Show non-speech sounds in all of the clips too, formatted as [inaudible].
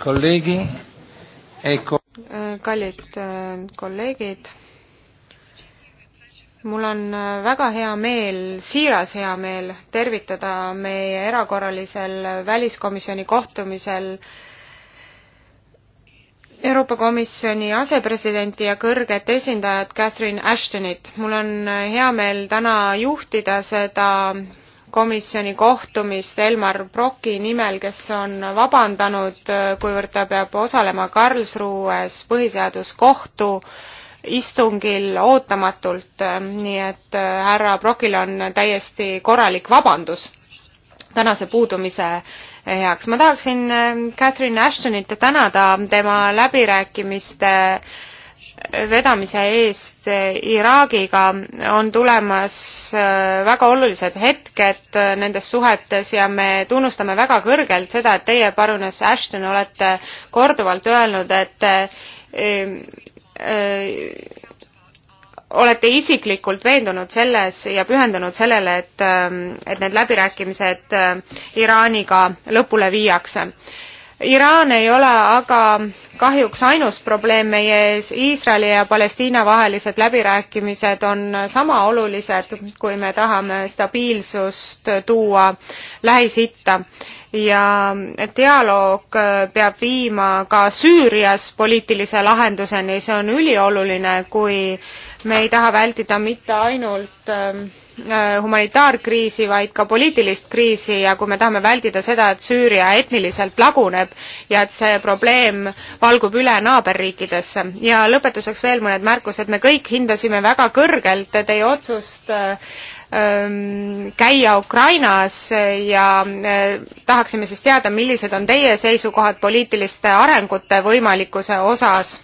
kolleegi, Eiko. Äh, kallid äh, kolleegid, mul on äh, väga hea meel, siiras hea meel tervitada meie erakorralisel väliskomisjoni kohtumisel Euroopa Komisjoni asepresidenti ja kõrget esindajat Catherine Ashtonit. mul on hea meel täna juhtida seda komisjoni kohtumist Elmar Broki nimel, kes on vabandanud, kuivõrd ta peab osalema Karlsruhes põhiseaduskohtu istungil ootamatult, nii et äh, härra Brokil on täiesti korralik vabandus tänase puudumise heaks. ma tahaksin äh, Catherine Ashtonit tänada tema läbirääkimiste vedamise eest Iraagiga on tulemas äh, väga olulised hetked äh, nendes suhetes ja me tunnustame väga kõrgelt seda, et teie, parunes Ashton, olete korduvalt öelnud, et äh, olete isiklikult veendunud selles ja pühendunud sellele, et, et need läbirääkimised Iraaniga lõpule viiakse Iraan ei ole aga kahjuks ainus probleem meie ees, Iisraeli ja Palestiina vahelised läbirääkimised on sama olulised, kui me tahame stabiilsust tuua Lähis-Itta ja dialoog peab viima ka Süürias poliitilise lahenduseni, see on ülioluline, kui me ei taha vältida mitte ainult äh, Äh, humanitaarkriisi, vaid ka poliitilist kriisi ja kui me tahame vältida seda, et Süüria etniliselt laguneb ja et see probleem valgub üle naaberriikidesse. ja lõpetuseks veel mõned märkused, me kõik hindasime väga kõrgelt teie otsust äh, ähm, käia Ukrainas ja äh, tahaksime siis teada, millised on teie seisukohad poliitiliste arengute võimalikkuse osas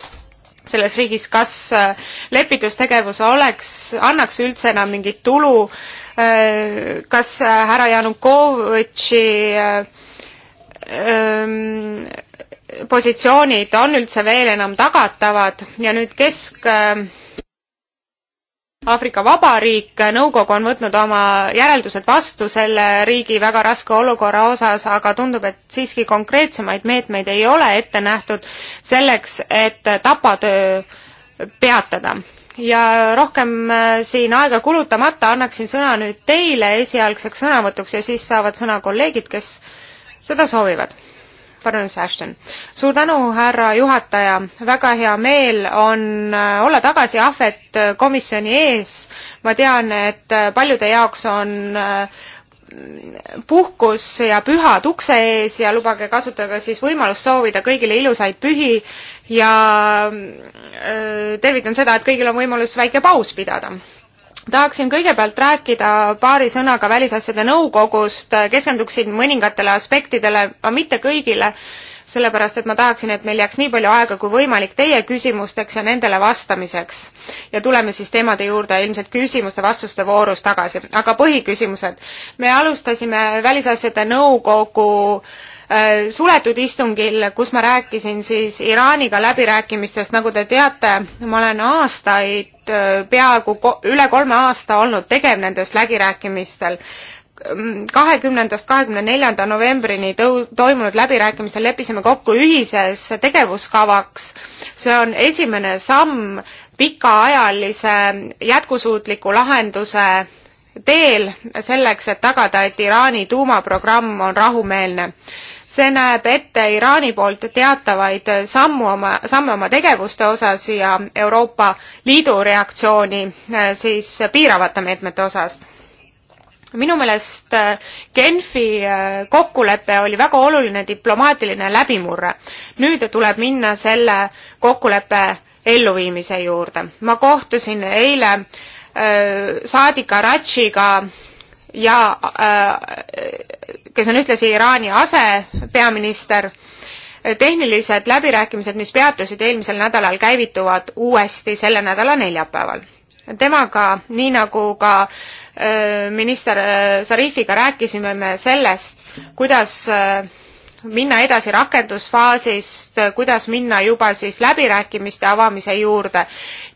selles riigis, kas äh, lepitustegevus oleks, annaks üldse enam mingit tulu, äh, kas äh, härra Janukovitši ähm, positsioonid on üldse veel enam tagatavad ja nüüd kesk Aafrika Vabariik, nõukogu on võtnud oma järeldused vastu selle riigi väga raske olukorra osas, aga tundub, et siiski konkreetsemaid meetmeid ei ole ette nähtud selleks, et tapatöö peatada. ja rohkem äh, siin aega kulutamata annaksin sõna nüüd teile esialgseks sõnavõtuks ja siis saavad sõna kolleegid, kes seda soovivad baroness Ashton. suur tänu, härra juhataja, väga hea meel on äh, olla tagasi Ahvet äh, komisjoni ees. ma tean, et äh, paljude jaoks on puhkus ja pühad ukse ees ja lubage kasutada siis võimalust soovida kõigile ilusaid pühi ja tervitan seda, et kõigil on võimalus väike paus pidada tahaksin kõigepealt rääkida paari sõnaga Välisasjade Nõukogust, keskenduksin mõningatele aspektidele, aga mitte kõigile, sellepärast et ma tahaksin, et meil jääks nii palju aega kui võimalik teie küsimusteks ja nendele vastamiseks. ja tuleme siis teemade juurde ilmselt küsimuste-vastuste voorus tagasi, aga põhiküsimused. me alustasime Välisasjade Nõukogu äh, Äh, suletud istungil, kus ma rääkisin siis Iraaniga läbirääkimistest, nagu te teate, ma olen aastaid, äh, peaaegu üle kolme aasta olnud tegev nendest läbirääkimistel. kahekümnendast kahekümne neljanda novembrini tõu-, toimunud läbirääkimistel leppisime kokku ühises tegevuskavaks. see on esimene samm pikaajalise jätkusuutliku lahenduse teel selleks, et tagada, et Iraani tuumaprogramm on rahumeelne see näeb ette Iraani poolt teatavaid sammu oma, samme oma tegevuste osas ja Euroopa Liidu reaktsiooni äh, siis piiravate meetmete osas minu meelest äh, Genfi äh, kokkulepe oli väga oluline diplomaatiline läbimurre. nüüd tuleb minna selle kokkuleppe elluviimise juurde. ma kohtusin eile saadik Aratšiga ja äh, kes on ühtlasi Iraani asepeaminister. tehnilised läbirääkimised, mis peatusid eelmisel nädalal, käivituvad uuesti selle nädala neljapäeval. temaga, nii nagu ka äh, minister Zarifiga äh, rääkisime me sellest, kuidas minna edasi rakendusfaasist, kuidas minna juba siis läbirääkimiste avamise juurde,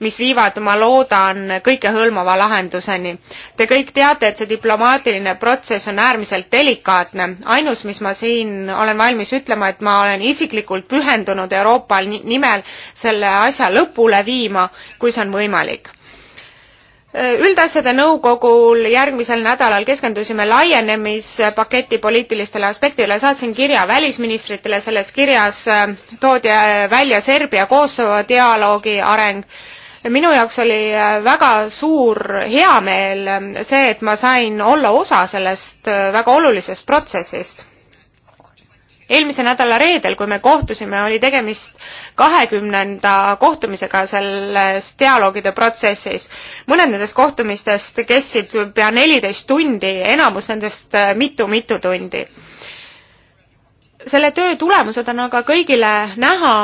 mis viivad, ma loodan, kõikehõlmava lahenduseni. Te kõik teate, et see diplomaatiline protsess on äärmiselt delikaatne. ainus, mis ma siin olen valmis ütlema, et ma olen isiklikult pühendunud Euroopa nimel selle asja lõpule viima, kui see on võimalik üldasjade nõukogul järgmisel nädalal keskendusime laienemispaketi poliitilistele aspektidele saatsin kirja välisministritele selles kirjas äh, toodi äh, välja serbia kosovo dialoogi areng minu jaoks oli äh, väga suur heameel see et ma sain olla osa sellest väga olulisest protsessist eelmise nädala reedel, kui me kohtusime, oli tegemist kahekümnenda kohtumisega selles dialoogide protsessis. mõned nendest kohtumistest kestsid pea neliteist tundi, enamus nendest äh, mitu-mitu tundi. selle töö tulemused on aga kõigile näha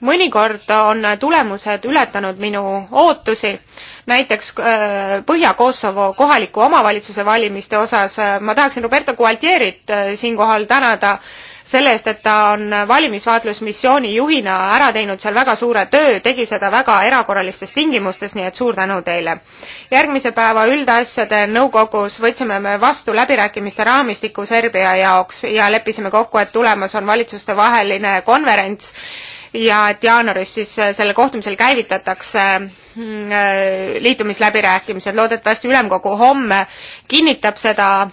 mõnikord on tulemused ületanud minu ootusi, näiteks äh, Põhja-Kosovo kohaliku omavalitsuse valimiste osas. Äh, ma tahaksin Roberto Gualtierit äh, siinkohal tänada selle eest, et ta on valimisvaatlusmissiooni juhina ära teinud seal väga suure töö, tegi seda väga erakorralistes tingimustes, nii et suur tänu teile. järgmise päeva üldasjade nõukogus võtsime me vastu läbirääkimiste raamistiku Serbia jaoks ja leppisime kokku, et tulemas on valitsustevaheline konverents ja et jaanuaris siis äh, sellel kohtumisel käivitatakse mm, äh, liitumisläbirääkimised, loodetavasti ülemkogu homme kinnitab seda äh,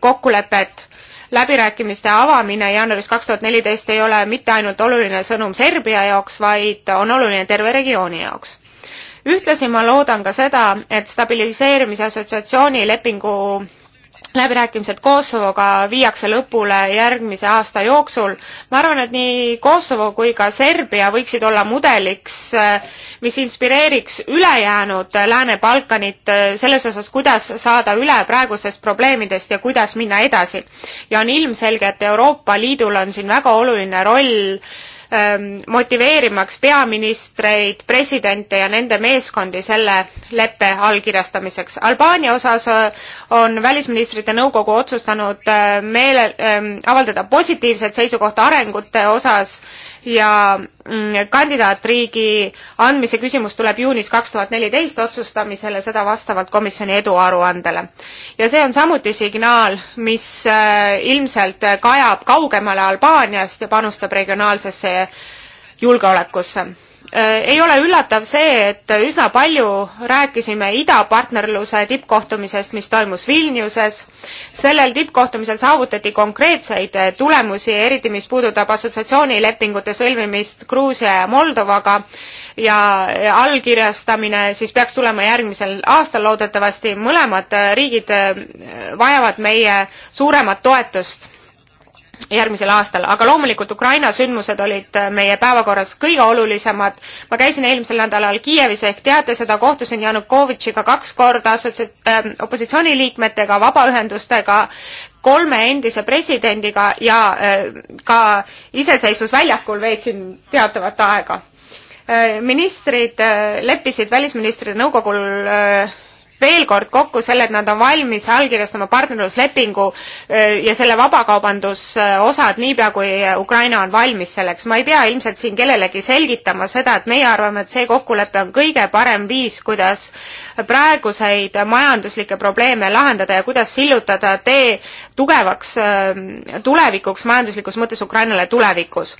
kokkulepet läbirääkimiste avamine jaanuaris kaks tuhat neliteist ei ole mitte ainult oluline sõnum Serbia jaoks, vaid on oluline terve regiooni jaoks. ühtlasi ma loodan ka seda, et stabiliseerimise assotsiatsiooni lepingu läbirääkimised Kosovoga viiakse lõpule järgmise aasta jooksul. ma arvan, et nii Kosovo kui ka Serbia võiksid olla mudeliks, mis inspireeriks ülejäänud Lääne-Balkanit selles osas, kuidas saada üle praegustest probleemidest ja kuidas minna edasi. ja on ilmselge, et Euroopa Liidul on siin väga oluline roll äh, Ähm, motiveerimaks peaministreid, presidente ja nende meeskondi selle leppe allkirjastamiseks. Albaania osas äh, on välisministrite nõukogu otsustanud äh, meele, ähm, avaldada positiivset seisukohta arengute osas ja mm, kandidaatriigi andmise küsimus tuleb juunis kaks tuhat neliteist otsustamisele, seda vastavalt komisjoni eduaruandele. ja see on samuti signaal, mis äh, ilmselt kajab kaugemale Albaaniast ja panustab regionaalsesse julgeolekusse Äh, ei ole üllatav see, et üsna palju rääkisime idapartnerluse tippkohtumisest, mis toimus Vilniuses. sellel tippkohtumisel saavutati konkreetseid tulemusi, eriti mis puudutab assotsiatsioonilepingute sõlmimist Gruusia ja Moldovaga ja allkirjastamine siis peaks tulema järgmisel aastal loodetavasti. mõlemad riigid vajavad meie suuremat toetust järgmisel aastal, aga loomulikult Ukraina sündmused olid äh, meie päevakorras kõige olulisemad. ma käisin eelmisel nädalal Kiievis ehk teate seda, kohtusin Janukovitšiga kaks korda, assotsiat-, äh, opositsiooniliikmetega, vabaühendustega, kolme endise presidendiga ja äh, ka iseseisvusväljakul veetsin teatavat aega. ministrid leppisid välisministrite nõukogul veel kord kokku selle, et nad on valmis allkirjastama partnerluslepingu äh, ja selle vabakaubandusosad niipea, kui Ukraina on valmis selleks. ma ei pea ilmselt siin kellelegi selgitama seda, et meie arvame, et see kokkulepe on kõige parem viis, kuidas praeguseid majanduslikke probleeme lahendada ja kuidas sillutada tee tugevaks äh, tulevikuks, majanduslikus mõttes Ukrainale tulevikus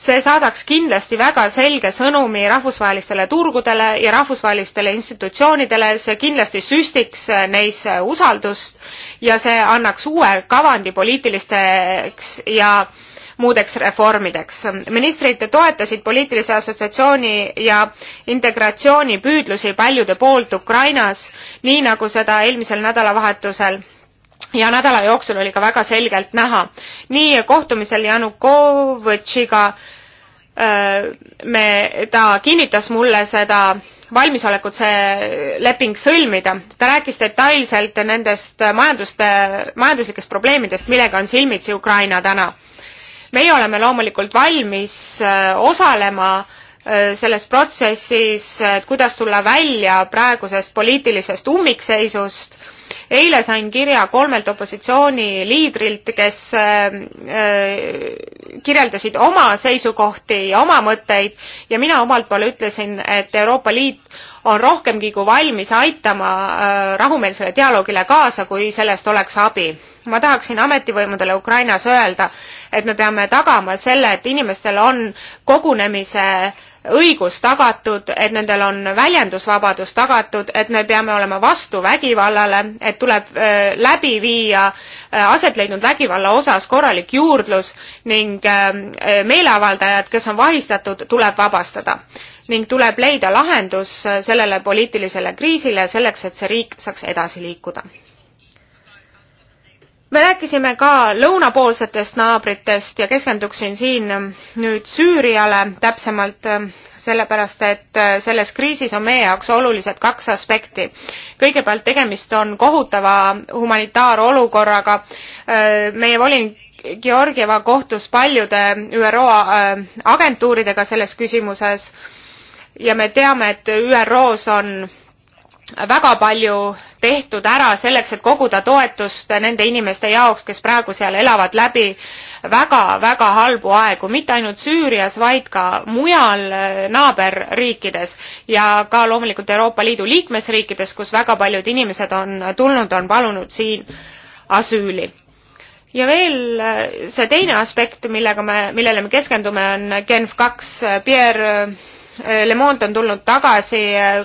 see saadaks kindlasti väga selge sõnumi rahvusvahelistele turgudele ja rahvusvahelistele institutsioonidele see kindlasti samuti süstiks neis usaldust ja see annaks uue kavandi poliitilisteks ja muudeks reformideks. ministrid toetasid poliitilise assotsiatsiooni ja integratsiooni püüdlusi paljude poolt Ukrainas, nii nagu seda eelmisel nädalavahetusel ja nädala jooksul oli ka väga selgelt näha. nii kohtumisel Janukovõtšiga äh, me, ta kinnitas mulle seda valmisolekut see leping sõlmida. ta rääkis detailselt nendest majanduste, majanduslikest probleemidest, millega on silmitsi Ukraina täna. meie oleme loomulikult valmis äh, osalema äh, selles protsessis, et kuidas tulla välja praegusest poliitilisest ummikseisust eile sain kirja kolmelt opositsiooniliidrilt, kes äh, äh, kirjeldasid oma seisukohti ja oma mõtteid ja mina omalt poole ütlesin, et Euroopa Liit on rohkemgi kui valmis aitama äh, rahumeelsele dialoogile kaasa, kui sellest oleks abi. ma tahaksin ametivõimudele Ukrainas öelda, et me peame tagama selle, et inimestel on kogunemise õigus tagatud, et nendel on väljendusvabadus tagatud, et me peame olema vastu vägivallale, et tuleb äh, läbi viia äh, aset leidnud vägivalla osas korralik juurdlus ning äh, meeleavaldajad, kes on vahistatud, tuleb vabastada. ning tuleb leida lahendus sellele poliitilisele kriisile selleks, et see riik saaks edasi liikuda me rääkisime ka lõunapoolsetest naabritest ja keskenduksin siin nüüd Süüriale täpsemalt, sellepärast et selles kriisis on meie jaoks olulised kaks aspekti. kõigepealt tegemist on kohutava humanitaarolukorraga. meie volinik Georgieva kohtus paljude ÜRO äh, agentuuridega selles küsimuses ja me teame, et ÜRO-s on väga palju tehtud ära selleks, et koguda toetust nende inimeste jaoks, kes praegu seal elavad läbi väga-väga halbu aegu, mitte ainult Süürias, vaid ka mujal äh, naaberriikides ja ka loomulikult Euroopa Liidu liikmesriikides, kus väga paljud inimesed on tulnud, on palunud siin asüüli ja veel äh, see teine aspekt, millega me, millele me keskendume, on Genf kaks. Pierre äh, Lemont on tulnud tagasi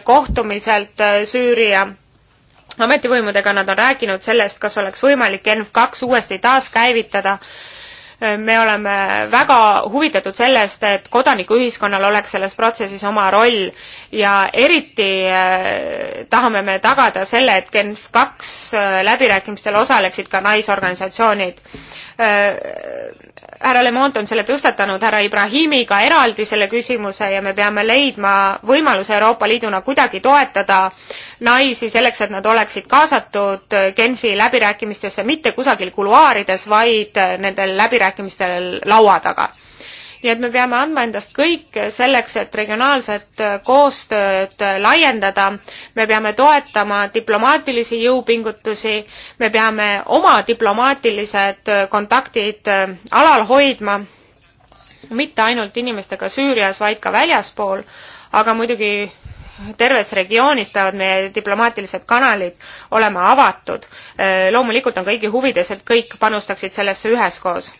kohtumiselt Süüria ametivõimudega nad on rääkinud sellest, kas oleks võimalik ENF kaks uuesti taaskäivitada. me oleme väga huvitatud sellest, et kodanikuühiskonnal oleks selles protsessis oma roll ja eriti äh, tahame me tagada selle, et ENF kaks äh, läbirääkimistel osaleksid ka naisorganisatsioonid. Äh, härra Lemont on selle tõstatanud härra Ibrahimiga eraldi selle küsimuse ja me peame leidma võimaluse Euroopa Liiduna kuidagi toetada naisi selleks, et nad oleksid kaasatud Genfi läbirääkimistesse mitte kusagil kuluaarides, vaid nendel läbirääkimistel laua taga nii et me peame andma endast kõik selleks, et regionaalset koostööd laiendada, me peame toetama diplomaatilisi jõupingutusi, me peame oma diplomaatilised kontaktid alal hoidma, mitte ainult inimestega Süürias, vaid ka väljaspool, aga muidugi terves regioonis peavad meie diplomaatilised kanalid olema avatud. loomulikult on kõigi huvides, et kõik panustaksid sellesse üheskoos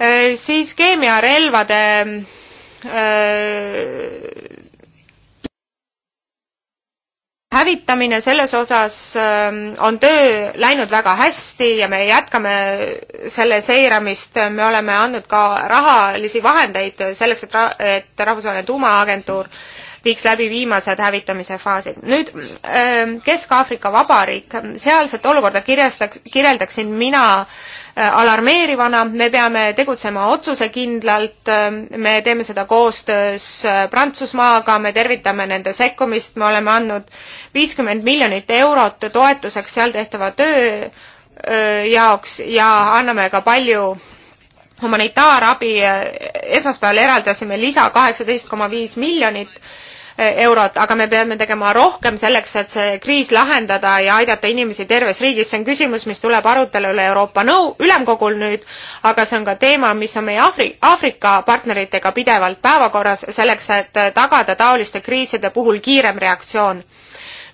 Äh, siis keemiarelvade äh, hävitamine, selles osas ähm, on töö läinud väga hästi ja me jätkame selle seiramist, me oleme andnud ka rahalisi vahendeid selleks, et, et Rahvusvaheline Tuumaagentuur viiks läbi viimased hävitamise faasid. nüüd ähm, Kesk-Aafrika Vabariik, sealset olukorda kirjastaks, kirjeldaksin mina Äh, alarmeerivana, me peame tegutsema otsusekindlalt, me teeme seda koostöös äh, Prantsusmaaga, me tervitame nende sekkumist, me oleme andnud viiskümmend miljonit eurot toetuseks seal tehtava töö äh, jaoks ja anname ka palju humanitaarabi, esmaspäeval eraldasime lisa kaheksateist koma viis miljonit eurot, aga me peame tegema rohkem selleks, et see kriis lahendada ja aidata inimesi terves riigis. see on küsimus, mis tuleb arutelule Euroopa Nõu-, Ülemkogul nüüd, aga see on ka teema, mis on meie Afri-, Aafrika partneritega pidevalt päevakorras, selleks et tagada taoliste kriiside puhul kiirem reaktsioon.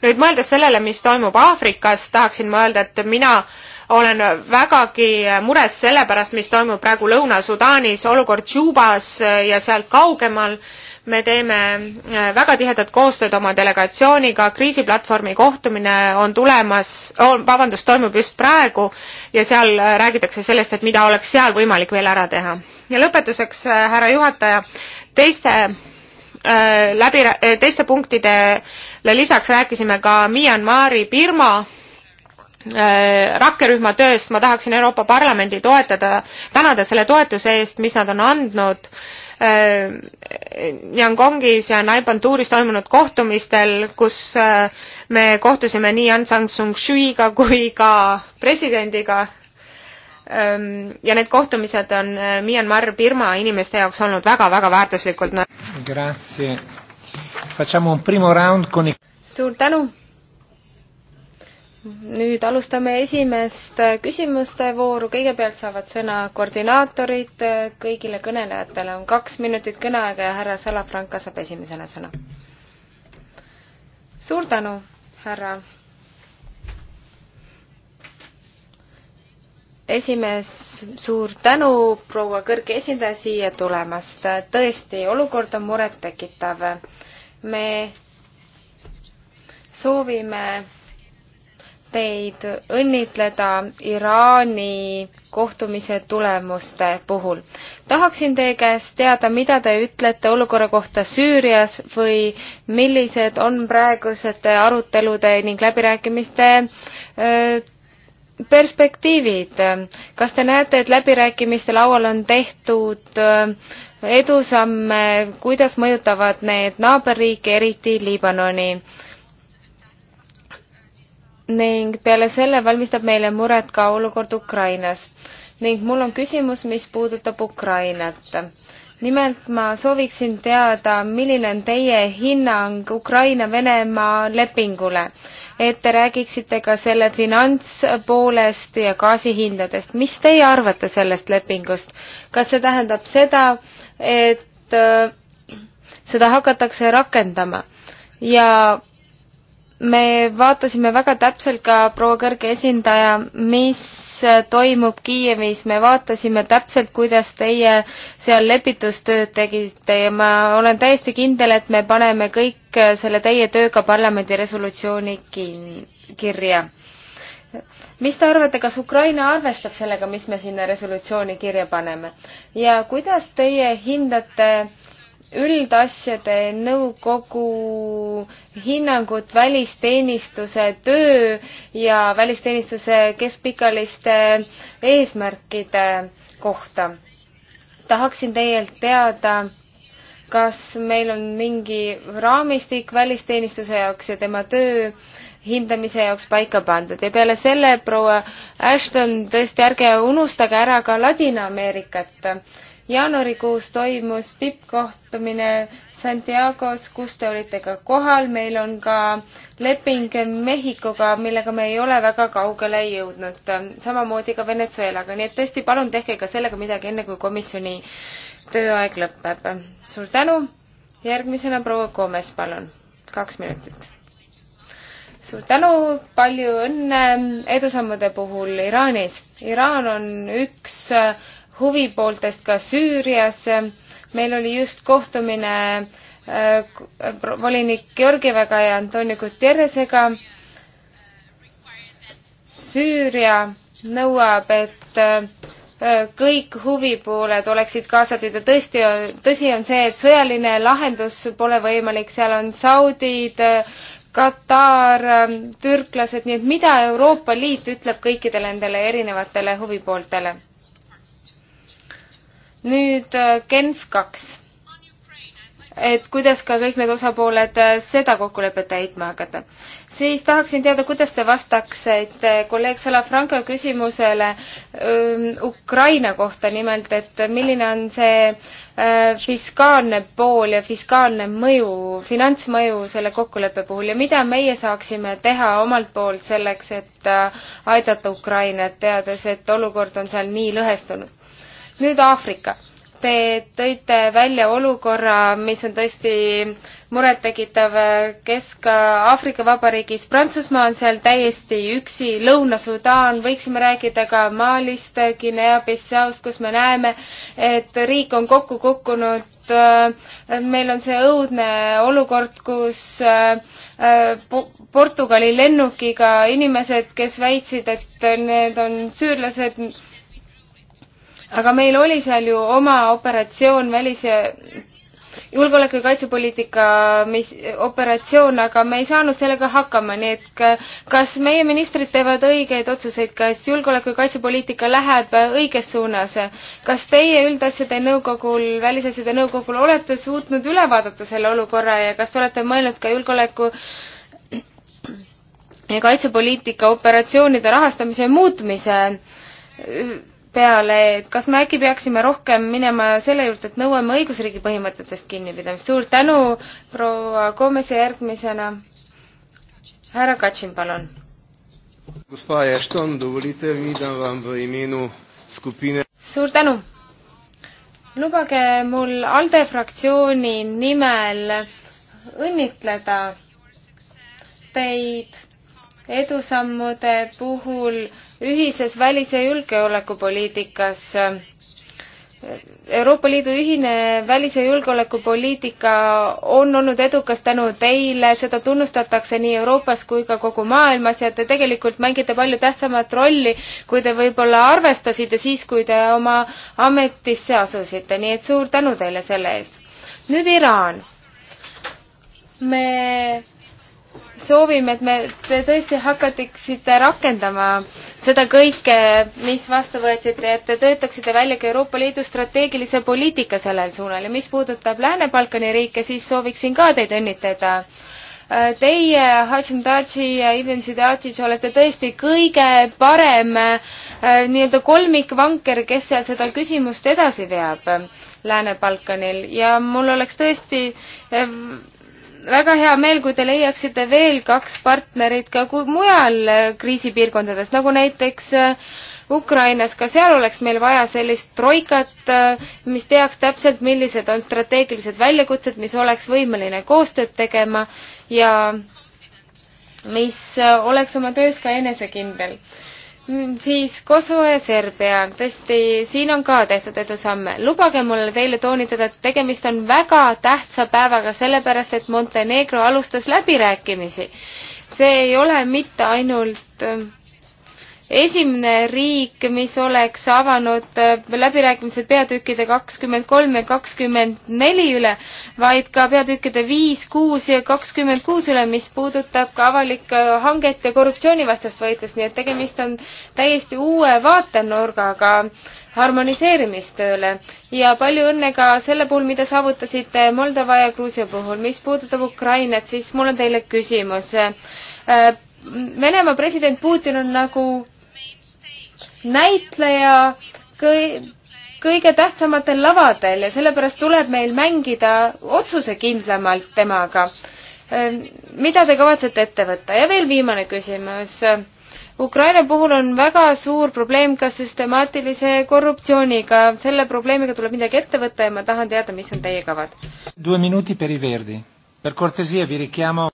nüüd mõeldes sellele, mis toimub Aafrikas, tahaksin ma öelda, et mina olen vägagi mures selle pärast, mis toimub praegu Lõuna-Sudaanis, olukord Džuubas ja sealt kaugemal me teeme äh, väga tihedat koostööd oma delegatsiooniga, kriisiplatvormi kohtumine on tulemas, vabandust, toimub just praegu ja seal äh, räägitakse sellest, et mida oleks seal võimalik veel ära teha. ja lõpetuseks, äh, härra juhataja, teiste äh, läbi äh,, teiste punktidele lisaks rääkisime ka Myanmari, Birma äh, rakkerühma tööst, ma tahaksin Euroopa Parlamendi toetada, tänada selle toetuse eest, mis nad on andnud äh, Äh, Yangongis ja Naipantuuris toimunud kohtumistel, kus äh, me kohtusime nii Aung San Suu Kyiga kui ka presidendiga. Ähm, ja need kohtumised on äh, Myanmar, Birma inimeste jaoks olnud väga-väga väärtuslikud. suur tänu nüüd alustame esimest küsimuste vooru, kõigepealt saavad sõna koordinaatorid, kõigile kõnelejatele on kaks minutit kõneaega ja härra Salafranca saab esimesena sõna. suur tänu, härra esimees, suur tänu, proua kõrge esindaja, siia tulemast. tõesti, olukord on murettekitav. me soovime teid õnnitleda Iraani kohtumise tulemuste puhul. tahaksin teie käest teada, mida te ütlete olukorra kohta Süürias või millised on praegusete arutelude ning läbirääkimiste äh, perspektiivid. kas te näete, et läbirääkimiste laual on tehtud äh, edusamme, kuidas mõjutavad need naaberriike, eriti Liibanoni? ning peale selle valmistab meile muret ka olukord Ukrainas. ning mul on küsimus, mis puudutab Ukrainat. nimelt ma sooviksin teada, milline on teie hinnang Ukraina-Venemaa lepingule, et te räägiksite ka selle finantspoolest ja gaasihindadest. mis teie arvate sellest lepingust? kas see tähendab seda, et äh, seda hakatakse rakendama ja me vaatasime väga täpselt ka, proua kõrge esindaja, mis toimub Kiievis, me vaatasime täpselt, kuidas teie seal lepitustööd tegite ja ma olen täiesti kindel, et me paneme kõik selle teie tööga parlamendi resolutsiooni kin-, kirja. mis te arvate, kas Ukraina arvestab sellega, mis me sinna resolutsiooni kirja paneme ja kuidas teie hindate äh, üldasjade nõukogu hinnangut välisteenistuse töö ja välisteenistuse keskpikaliste eesmärkide kohta. tahaksin teilt teada, kas meil on mingi raamistik välisteenistuse jaoks ja tema töö hindamise jaoks paika pandud ja peale selle, proua Ashton, tõesti ärge unustage ära ka Ladina-Ameerikat jaanuarikuus toimus tippkohtumine Santiago's, kus te olite ka kohal, meil on ka leping Mehhikoga, millega me ei ole väga kaugele jõudnud, samamoodi ka Venezuelaga, nii et tõesti palun tehke ka sellega midagi, enne kui komisjoni tööaeg lõpeb. suur tänu, järgmisena proua Koomes, palun, kaks minutit suur tänu, palju õnne edusammude puhul Iraanis. Iraan on üks huvipooltest ka Süürias. meil oli just kohtumine äh, volinik Georgievaga ja Antonio Guterresega. Süüria nõuab, et äh, kõik huvipooled oleksid kaasatud ja tõesti, tõsi on see, et sõjaline lahendus pole võimalik, seal on Saudid, Katar, türklased, nii et mida Euroopa Liit ütleb kõikidele nendele erinevatele huvipooltele? nüüd äh, Genf kaks, et kuidas ka kõik need osapooled äh, seda kokkulepet täitma hakata. siis tahaksin teada, kuidas te vastaksite kolleeg Salafranco küsimusele öö, ähm, Ukraina kohta nimelt, et milline on see öö, äh, fiskaalne pool ja fiskaalne mõju, finantsmõju selle kokkuleppe puhul ja mida meie saaksime teha omalt poolt selleks, et öö, aidata Ukrainat, teades, et olukord on seal nii lõhestunud? nüüd Aafrika. Te tõite välja olukorra, mis on tõesti murettekitav Kesk-Aafrika Vabariigis. Prantsusmaa on seal täiesti üksi, Lõuna-Sudaan, võiksime rääkida ka Malist, Guinea-Bissaust, kus me näeme, et riik on kokku kukkunud. meil on see õudne olukord, kus äh, Portugali lennukiga inimesed, kes väitsid, et need on süürlased, aga meil oli seal ju oma operatsioon välis- ja julgeoleku ja kaitsepoliitika mis, operatsioon, aga me ei saanud sellega hakkama, nii et kas meie ministrid teevad õigeid otsuseid, kas julgeoleku ja kaitsepoliitika läheb õiges suunas? kas teie üldasjade nõukogul, välisasjade nõukogul olete suutnud üle vaadata selle olukorra ja kas te olete mõelnud ka julgeoleku ja kaitsepoliitika operatsioonide rahastamise muutmise peale, et kas me äkki peaksime rohkem minema selle juurde, et nõuame õigusriigi põhimõtetest kinnipidamist. suur tänu, proua Gomes ja järgmisena härra Katšin, palun. suur tänu. lubage mul ALDE fraktsiooni nimel õnnitleda teid edusammude puhul ühises välis- ja julgeolekupoliitikas. Euroopa Liidu ühine välis- ja julgeolekupoliitika on olnud edukas tänu teile, seda tunnustatakse nii Euroopas kui ka kogu maailmas ja te tegelikult mängite palju tähtsamat rolli, kui te võib-olla arvestasite siis, kui te oma ametisse asusite, nii et suur tänu teile selle eest. nüüd Iraan. me soovime, et me, te tõesti hakatiksite rakendama seda kõike, mis vastu võetsite, et te töötaksite välja ka Euroopa Liidu strateegilise poliitika sellel suunal ja mis puudutab Lääne-Balkani riike, siis sooviksin ka teid õnnitleda. Äh, teie, Hachim Tadži ja Ibn Sidatšič olete tõesti kõige parem äh, nii-öelda kolmikvanker, kes seal seda küsimust edasi veab äh, Lääne-Balkanil ja mul oleks tõesti väga hea meel, kui te leiaksite veel kaks partnerit ka mujal äh, kriisipiirkondades, nagu näiteks äh, Ukrainas, ka seal oleks meil vaja sellist troikat, äh, mis teaks täpselt, millised on strateegilised väljakutsed, mis oleks võimeline koostööd tegema ja mis oleks oma töös ka enesekindel Mm, siis Kosovo ja Serbia, tõesti, siin on ka tehtud edusamme. lubage mul teile toonitada, et tegemist on väga tähtsa päevaga, sellepärast et Montenegro alustas läbirääkimisi. see ei ole mitte ainult äh, esimene riik, mis oleks avanud äh, läbirääkimised peatükkide kakskümmend kolm ja kakskümmend neli üle, vaid ka peatükkide viis, kuus ja kakskümmend kuus üle, mis puudutab ka avalikke äh, hanget ja korruptsioonivastast võitlust, nii et tegemist on täiesti uue vaatenurgaga harmoniseerimistööle ja palju õnne ka selle puhul, mida saavutasite Moldova ja Gruusia puhul. mis puudutab Ukrainat, siis mul on teile küsimus äh, Venemaa president Putin on nagu näitleja kõi, kõige tähtsamatel lavadel ja sellepärast tuleb meil mängida otsusekindlamalt temaga. Ehm, mida te kavatsete ette võtta? ja veel viimane küsimus. Ukraina puhul on väga suur probleem ka süstemaatilise korruptsiooniga. selle probleemiga tuleb midagi ette võtta ja ma tahan teada, mis on teie kavad.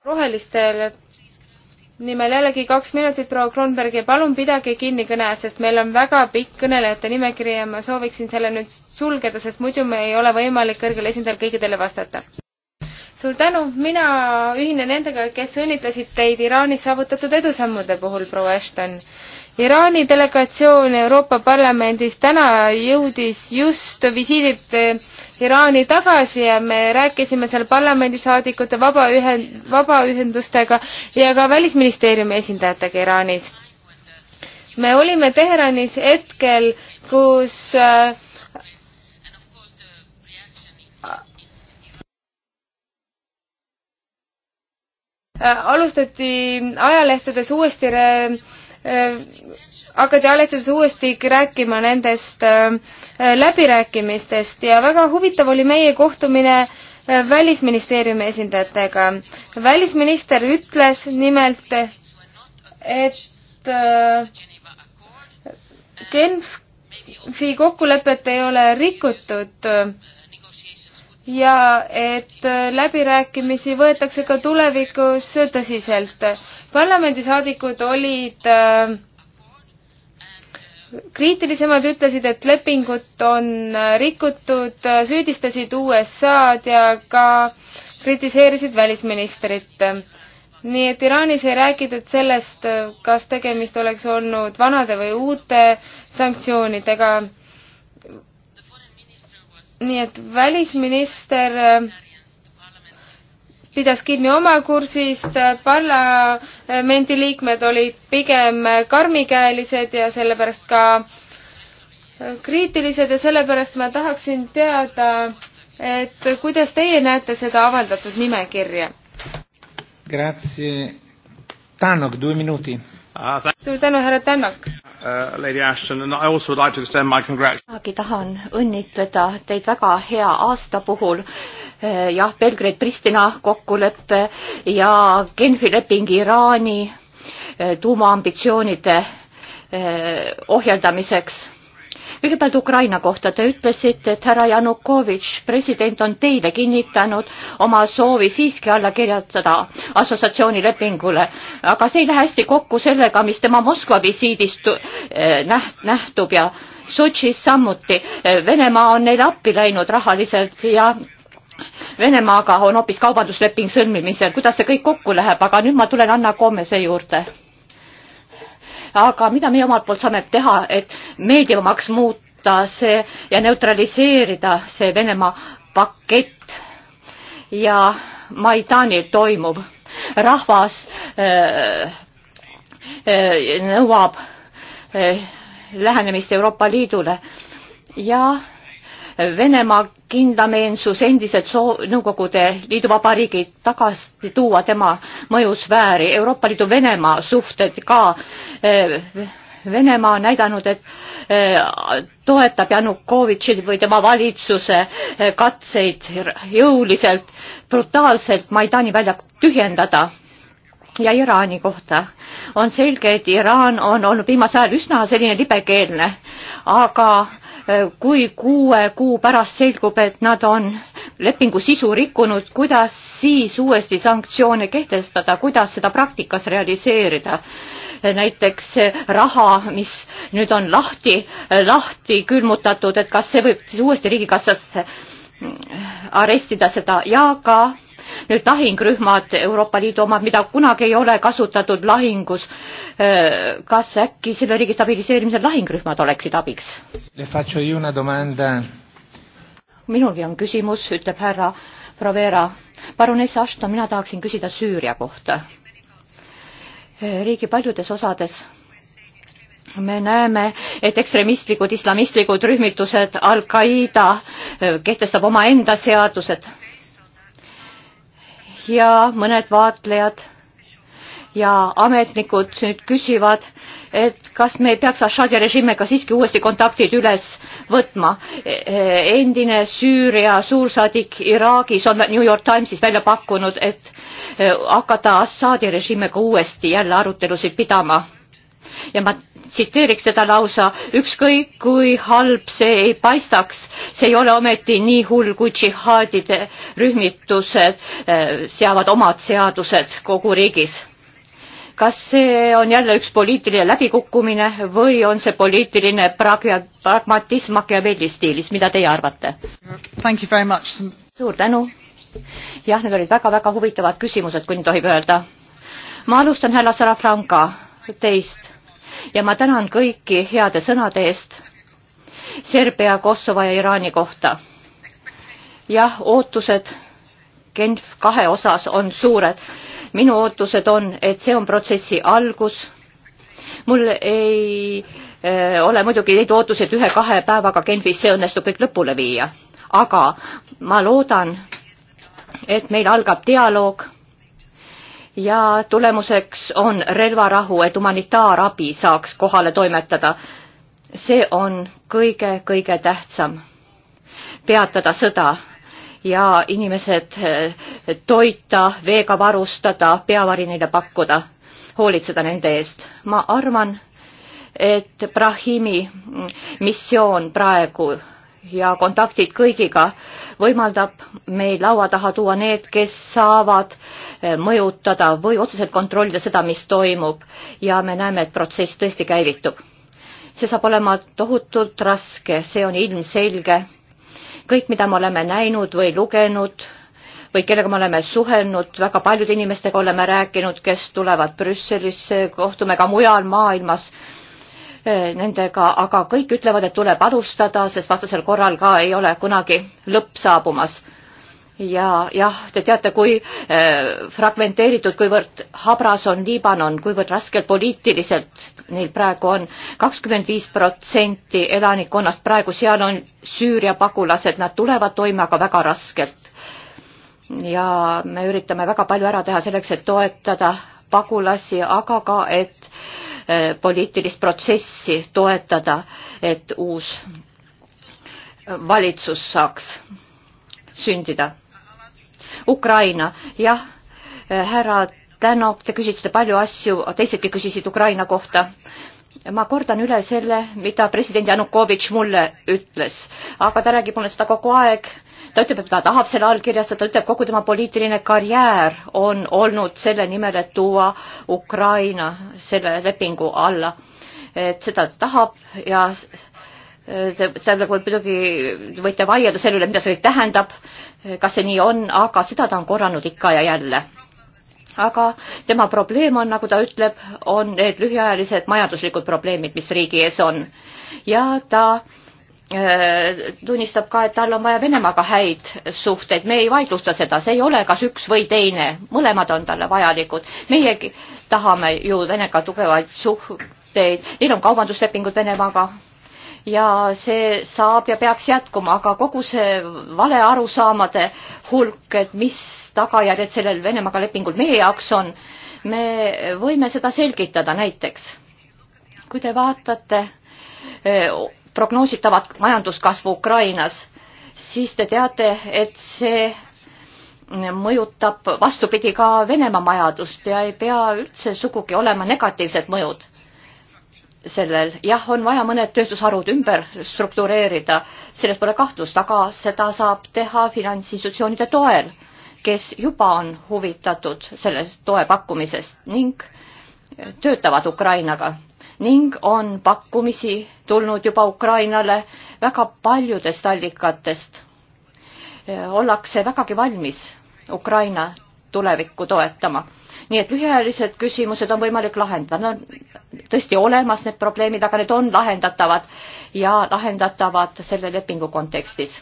rohelistele nimel jällegi kaks minutit, proua Kronberg ja palun pidage kinni kõne, sest meil on väga pikk kõnelejate nimekiri ja ma sooviksin selle nüüd sulgeda, sest muidu meil ei ole võimalik kõrgel esindajal kõikidele vastata. suur tänu, mina ühinen nendega, kes õnnitlesid teid Iraanis saavutatud edusammude puhul, proua Ashton Iraani delegatsioon Euroopa Parlamendis täna jõudis just visiidilt eh, Iraani tagasi ja me rääkisime seal parlamendisaadikute vabaühend-, vabaühendustega ja ka Välisministeeriumi esindajatega Iraanis. me olime Teheranis hetkel, kus äh, äh alustati ajalehtedes uuesti re-, Äh, aga te olete siis uuesti rääkima nendest äh, läbirääkimistest ja väga huvitav oli meie kohtumine äh, välisministeeriumi esindajatega. välisminister ütles nimelt, et Genfi kokkulepet ei ole rikutud ja et läbirääkimisi võetakse ka tulevikus tõsiselt parlamendisaadikud olid äh, kriitilisemad ütlesid, et lepingut on äh, rikutud, äh, süüdistasid USA-d ja ka kritiseerisid välisministrit. nii et Iraanis ei räägitud sellest, äh, kas tegemist oleks olnud vanade või uute sanktsioonidega. nii et välisminister pidas kinni oma kursist, parlamendi liikmed olid pigem karmikäelised ja sellepärast ka kriitilised ja sellepärast ma tahaksin teada, et kuidas teie näete seda avaldatud nimekirja? Grazie. Tannok, due minuti uh,. suur tänu, härra Tannok uh,. Lady Ashton and I also would like to extend my congratulations. tahan õnnitleda teid väga hea aasta puhul uh, Eh, jah, Belgrade-Pristina kokkulepe ja Genfi leping Iraani eh, tuumaambitsioonide eh, ohjeldamiseks kõigepealt Ukraina kohta te ütlesite, et härra Janukovitš, president on teile kinnitanud oma soovi siiski alla kirjutada assotsiatsioonilepingule, aga see ei lähe hästi kokku sellega, mis tema Moskva visiidist näht-, nähtub ja Sotšis samuti. Venemaa on neile appi läinud rahaliselt ja Venemaaga on hoopis kaubandusleping sõlmimisel, kuidas see kõik kokku läheb, aga nüüd ma tulen Anna Koomese juurde. aga mida meie omalt poolt saame teha, et meeldivamaks muuta see ja neutraliseerida see Venemaa pakett ja Maidanil toimuv rahvas äh, äh, nõuab äh, lähenemist Euroopa Liidule ja Venemaa kindlameelsus endised Soo-, Nõukogude Liidu vabariigid tagasi tuua tema mõjusfääri, Euroopa Liidu Venemaa suhted ka. Eh, Venemaa on näidanud, et eh, toetab Janukovitši või tema valitsuse eh, katseid jõuliselt, brutaalselt Maidani väljak tühjendada ja Iraani kohta. on selge, et Iraan on olnud viimasel ajal üsna selline libekeelne, aga Äh, kui kuue kuu pärast selgub, et nad on lepingu sisu rikkunud, kuidas siis uuesti sanktsioone kehtestada, kuidas seda praktikas realiseerida? Äh, näiteks äh, raha, mis nüüd on lahti, lahti külmutatud, et kas see võib siis uuesti riigikassasse arestida seda ja ka nüüd lahingrühmad, Euroopa Liidu omad, mida kunagi ei ole kasutatud lahingus. Äh, kas äkki selle riigi stabiliseerimisel lahingrühmad oleksid abiks? minulgi on küsimus, ütleb härra Provera. paruness Ashton, mina tahaksin küsida Süüria kohta. Äh, riigi paljudes osades me näeme, et ekstremistlikud islamistlikud rühmitused, Al-Qaeda äh, kehtestab omaenda seadused ja mõned vaatlejad ja ametnikud nüüd küsivad, et kas me ei peaks Assadi režiimiga siiski uuesti kontaktid üles võtma. E, e, endine Süüria suursaadik Iraagis on New York Timesis välja pakkunud, et e, hakata Assadi režiimiga uuesti jälle arutelusid pidama. ja ma tsiteeriks seda lausa, ükskõik kui halb see ei paistaks, see ei ole ometi nii hull, kui džihaadide rühmitused eh, seavad omad seadused kogu riigis. kas see on jälle üks poliitiline läbikukkumine või on see poliitiline pragja-, pragmatism Machiavelli stiilis, mida teie arvate? suur tänu. jah, need olid väga-väga huvitavad küsimused, kui nii tohib öelda. ma alustan härra Sarafranka teist ja ma tänan kõiki heade sõnade eest Serbia, Kosovo ja Iraani kohta. jah, ootused Genf kahe osas on suured. minu ootused on, et see on protsessi algus. mul ei öö, eh, ole muidugi neid ootuseid ühe-kahe päevaga Genfis, see õnnestub kõik lõpule viia, aga ma loodan, et meil algab dialoog ja tulemuseks on relvarahu, et humanitaarabi saaks kohale toimetada. see on kõige-kõige tähtsam. peatada sõda ja inimesed eh, toita, veega varustada, peavari neile pakkuda, hoolitseda nende eest. ma arvan, et Brahimi missioon praegu ja kontaktid kõigiga võimaldab meil laua taha tuua need, kes saavad eh, mõjutada või otseselt kontrollida seda, mis toimub ja me näeme, et protsess tõesti käivitub. see saab olema tohutult raske, see on ilmselge. kõik, mida me oleme näinud või lugenud või kellega me oleme suhelnud, väga paljude inimestega oleme rääkinud, kes tulevad Brüsselisse, kohtume ka mujal maailmas Äh, nendega, aga kõik ütlevad, et tuleb alustada, sest vastasel korral ka ei ole kunagi lõpp saabumas. ja jah, te teate, kui äh, fragmenteeritud, kuivõrd habras on Liibanon, kuivõrd raskelt poliitiliselt neil praegu on. kakskümmend viis protsenti elanikkonnast praegu seal on Süüria pagulased, nad tulevad toime, aga väga raskelt ja me üritame väga palju ära teha selleks, et toetada pagulasi, aga ka, et Eh, poliitilist protsessi toetada, et uus valitsus saaks sündida. Ukraina, jah, eh, härra Tänok, te küsisite palju asju, teisedki küsisid Ukraina kohta ma kordan üle selle, mida president Janukovitš mulle ütles, aga ta räägib mulle seda kogu aeg ta ütleb, et ta tahab selle allkirjastada, ütleb kogu tema poliitiline karjäär on olnud selle nimel, et tuua Ukraina selle lepingu alla. et seda ta tahab ja selle võib muidugi, võite vaielda selle üle, mida see kõik tähendab, kas see nii on, aga seda ta on korranud ikka ja jälle aga tema probleem on, nagu ta ütleb, on need lühiajalised majanduslikud probleemid, mis riigi ees on. ja ta äh, Äh, tunnistab ka, et tal on vaja Venemaaga häid suhteid, me ei vaidlusta seda, see ei ole kas üks või teine, mõlemad on talle vajalikud. meiegi tahame ju Venega tugevaid suhteid, neil on kaubanduslepingud Venemaaga ja see saab ja peaks jätkuma, aga kogu see valearusaamade hulk, et mis tagajärjed sellel Venemaaga lepingul meie jaoks on, me võime seda selgitada näiteks. kui te vaatate äh, prognoositavat majanduskasvu Ukrainas, siis te teate, et see mõjutab vastupidi ka Venemaa majandust ja ei pea üldse sugugi olema negatiivsed mõjud sellel. jah, on vaja mõned tööstusharud ümber struktureerida, selles pole kahtlust, aga seda saab teha finantsinstitutsioonide toel, kes juba on huvitatud selle toe pakkumisest ning töötavad Ukrainaga ning on pakkumisi tulnud juba Ukrainale väga paljudest allikatest. ollakse vägagi valmis Ukraina tulevikku toetama. nii et lühiajalised küsimused on võimalik lahendada, nad on tõesti olemas, need probleemid, aga need on lahendatavad ja lahendatavad selle lepingu kontekstis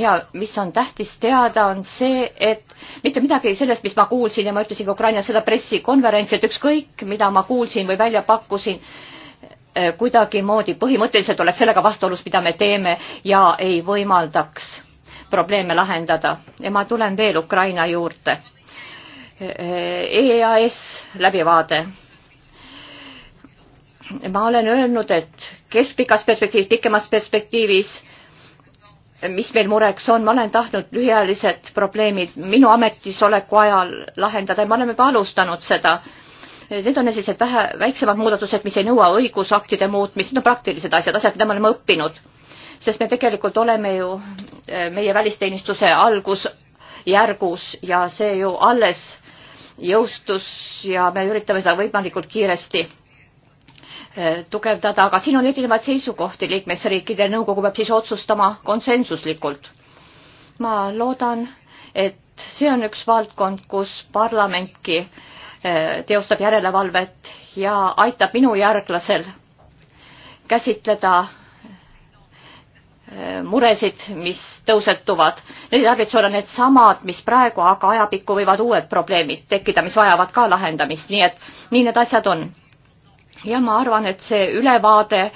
ja mis on tähtis teada, on see, et mitte midagi sellest, mis ma kuulsin ja ma ütlesin ka Ukraina sõda pressikonverentsil, et ükskõik, mida ma kuulsin või välja pakkusin, eh, kuidagimoodi põhimõtteliselt oleks sellega vastuolus, mida me teeme ja ei võimaldaks probleeme lahendada. ja ma tulen veel Ukraina juurde. EAS eh, eh, e läbivaade. ma olen öelnud, et keskpikas perspektiivis, pikemas perspektiivis mis meil mureks on, ma olen tahtnud lühiajalised probleemid minu ametisoleku ajal lahendada ja me oleme juba alustanud seda. Need on sellised vähe, väiksemad muudatused, mis ei nõua õigusaktide muutmist, need on praktilised asjad, asjad, mida me oleme õppinud. sest me tegelikult oleme ju eh, meie välisteenistuse algusjärgus ja see ju alles jõustus ja me üritame seda võimalikult kiiresti Eh, tugevdada, aga siin on erinevaid seisukohti liikmesriikide nõukogu peab siis otsustama konsensuslikult. ma loodan, et see on üks valdkond, kus parlamentki eh, teostab järelevalvet ja aitab minu järglasel käsitleda eh, muresid, mis tõusetuvad. Need ei tarvitse olla needsamad, mis praegu, aga ajapikku võivad uued probleemid tekkida, mis vajavad ka lahendamist, nii et nii need asjad on ja ma arvan, et see ülevaade,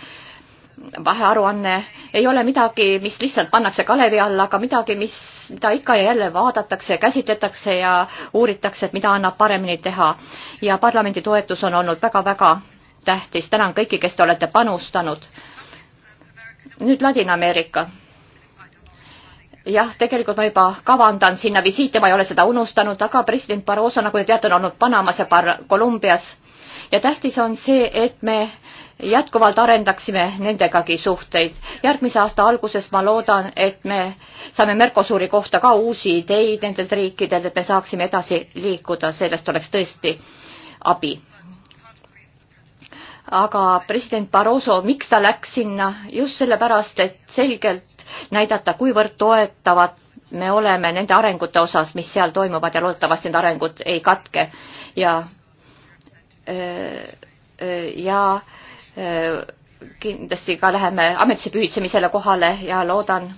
vahearuanne ei ole midagi, mis lihtsalt pannakse kalevi alla, aga midagi, mis, mida ikka ja jälle vaadatakse, käsitletakse ja uuritakse, et mida annab paremini teha. ja parlamendi toetus on olnud väga-väga tähtis. tänan kõiki, kes te olete panustanud. nüüd Ladina-Ameerika jah, tegelikult ma juba kavandan sinna visiiti, ma ei ole seda unustanud, aga president Barroso, nagu te teate, on olnud Panamas ja Par-, Kolumbias ja tähtis on see, et me jätkuvalt arendaksime nendegagi suhteid. järgmise aasta alguses ma loodan, et me saame Mercosuri kohta ka uusi ideid nendelt riikidelt, et me saaksime edasi liikuda, sellest oleks tõesti abi. aga president Barroso, miks ta läks sinna? just sellepärast, et selgelt näidata, kuivõrd toetavad me oleme nende arengute osas, mis seal toimuvad ja loodetavasti need arengud ei katke ja ja kindlasti ka läheme ametisse pühitsemisele kohale ja loodan,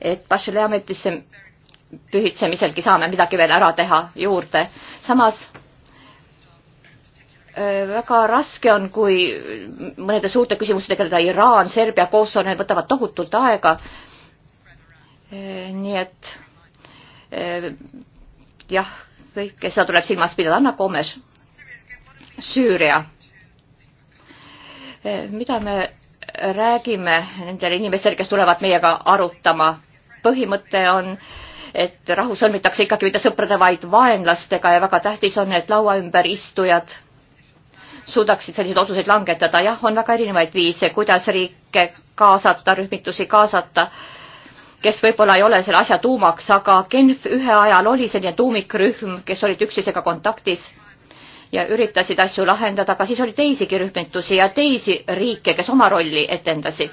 et Bachelet ametisse pühitsemiselgi saame midagi veel ära teha juurde. samas väga raske on, kui mõnede suurte küsimustega tegeleda, Iraan, Serbia koostöö, need võtavad tohutult aega. nii et jah, kõike seda tuleb silmas pidada, Anna Komes Süüria. mida me räägime nendele inimestele, kes tulevad meiega arutama? põhimõte on, et rahu sõlmitakse ikkagi mitte sõprade, vaid vaenlastega ja väga tähtis on, et laua ümber istujad suudaksid selliseid otsuseid langetada. jah, on väga erinevaid viise, kuidas riike kaasata, rühmitusi kaasata, kes võib-olla ei ole selle asja tuumaks, aga Genf ühe ajal oli selline tuumikrühm, kes olid üksteisega kontaktis ja üritasid asju lahendada, aga siis oli teisigi rühmitusi ja teisi riike, kes oma rolli etendasid.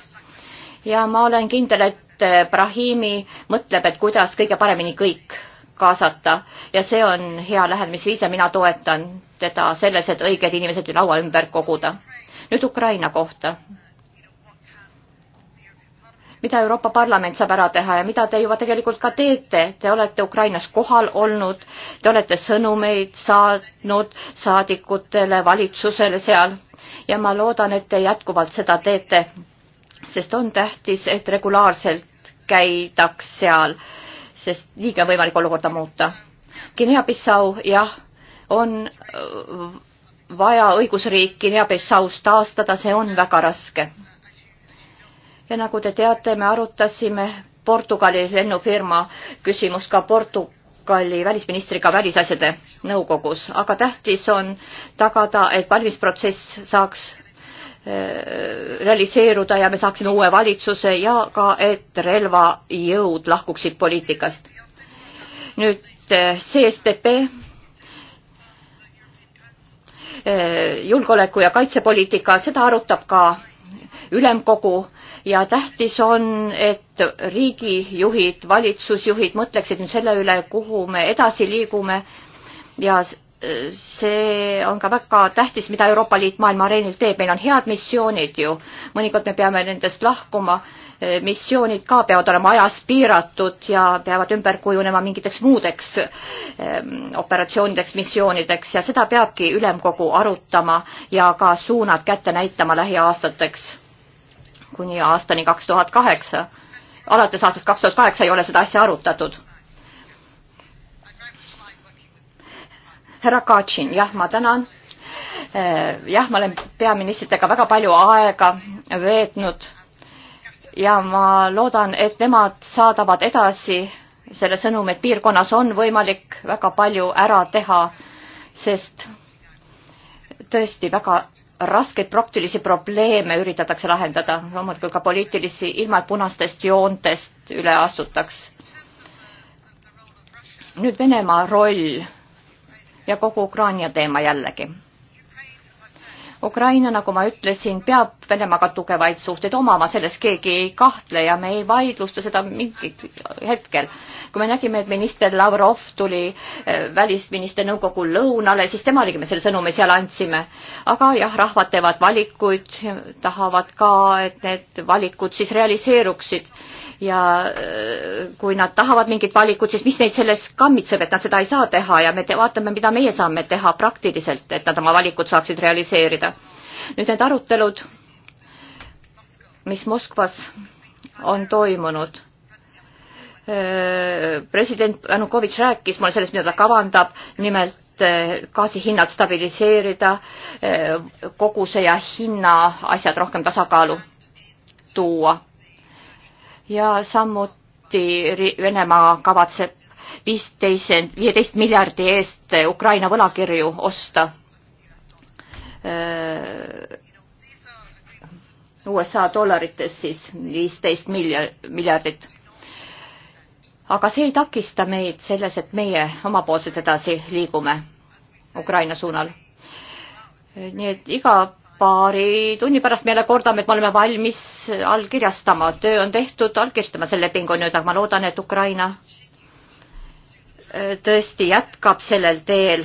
ja ma olen kindel, et Brahimi mõtleb, et kuidas kõige paremini kõik kaasata ja see on hea lähenemisviis ja mina toetan teda selles, et õiged inimesed laua ümber koguda. nüüd Ukraina kohta mida Euroopa Parlament saab ära teha ja mida te juba tegelikult ka teete. Te olete Ukrainas kohal olnud, te olete sõnumeid saatnud saadikutele, valitsusele seal ja ma loodan, et te jätkuvalt seda teete, sest on tähtis, et regulaarselt käidaks seal, sest liiga on võimalik olukorda muuta. Guinea-Bissau, jah, on äh, vaja õigusriik Guinea-Bissaus taastada, see on väga raske ja nagu te teate, me arutasime Portugali lennufirma küsimust ka Portugali välisministriga välisasjade nõukogus, aga tähtis on tagada, et valmisprotsess saaks äh, realiseeruda ja me saaksime uue valitsuse ja ka, et relvajõud lahkuksid poliitikast. nüüd äh, CSTP äh, julgeoleku ja kaitsepoliitika, seda arutab ka ülemkogu ja tähtis on, et riigijuhid, valitsusjuhid mõtleksid nüüd selle üle, kuhu me edasi liigume ja see on ka väga tähtis, mida Euroopa Liit maailma areenil teeb, meil on head missioonid ju, mõnikord me peame nendest lahkuma, missioonid ka peavad olema ajas piiratud ja peavad ümber kujunema mingiteks muudeks ehm, operatsioonideks, missioonideks ja seda peabki ülemkogu arutama ja ka suunad kätte näitama lähiaastateks kuni aastani kaks tuhat kaheksa. alates aastast kaks tuhat kaheksa ei ole seda asja arutatud. härra Katšin, jah, ma tänan. Eh, jah, ma olen peaministritega väga palju aega veetnud ja ma loodan, et nemad saadavad edasi selle sõnumi, et piirkonnas on võimalik väga palju ära teha, sest tõesti väga raskeid praktilisi probleeme üritatakse lahendada, loomulikult ka poliitilisi, ilma et punastest joontest üle astutaks. nüüd Venemaa roll ja kogu Ukraina teema jällegi Ukraina, nagu ma ütlesin, peab Venemaaga tugevaid suhteid omama, selles keegi ei kahtle ja me ei vaidlusta seda mingil hetkel. kui me nägime, et minister Lavrov tuli eh, välisminister nõukogu lõunale, siis tema oligi, me selle sõnumi seal andsime. aga jah, rahvad teevad valikuid, tahavad ka, et need valikud siis realiseeruksid ja äh, kui nad tahavad mingit valikut, siis mis neid selles kammitseb, et nad seda ei saa teha ja me te vaatame, mida meie saame teha praktiliselt, et nad oma valikud saaksid realiseerida. nüüd need arutelud, mis Moskvas on toimunud äh, president Janukovitš rääkis mulle sellest, mida ta kavandab, nimelt äh, gaasihinnad stabiliseerida, koguse ja hinna asjad rohkem tasakaalu tuua ja samuti Venemaa kavatseb viisteist, viieteist miljardi eest Ukraina võlakirju osta USA dollarites siis viisteist miljardit. aga see ei takista meid selles, et meie omapoolselt edasi liigume Ukraina suunal. nii et iga paari tunni pärast meile kordame, et me oleme valmis allkirjastama, töö on tehtud, allkirjastame selle lepingu nüüd, aga ma loodan, et Ukraina äh, tõesti jätkab sellel teel,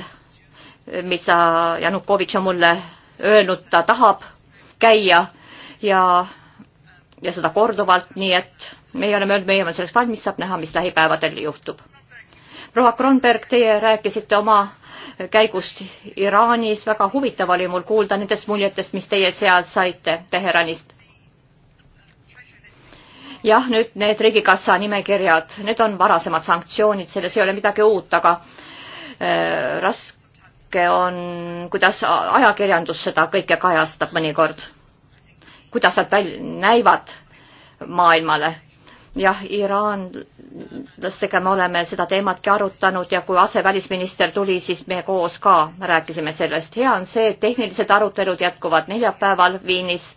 mida Janukovitš on mulle öelnud, ta tahab käia ja, ja seda korduvalt, nii et meie oleme öelnud, meie oleme selleks valmis, saab näha, mis lähipäevadel juhtub. proua Kronberg, teie rääkisite oma käigust Iraanis. väga huvitav oli mul kuulda nendest muljetest, mis teie sealt saite Teheranist. jah, nüüd need Riigikassa nimekirjad, need on varasemad sanktsioonid, selles ei ole midagi uut, aga äh, raske on, kuidas ajakirjandus seda kõike kajastab mõnikord. kuidas nad näivad maailmale jah, iraanlastega me oleme seda teematki arutanud ja kui asevälisminister tuli, siis me koos ka rääkisime sellest. hea on see, et tehnilised arutelud jätkuvad neljapäeval Viinis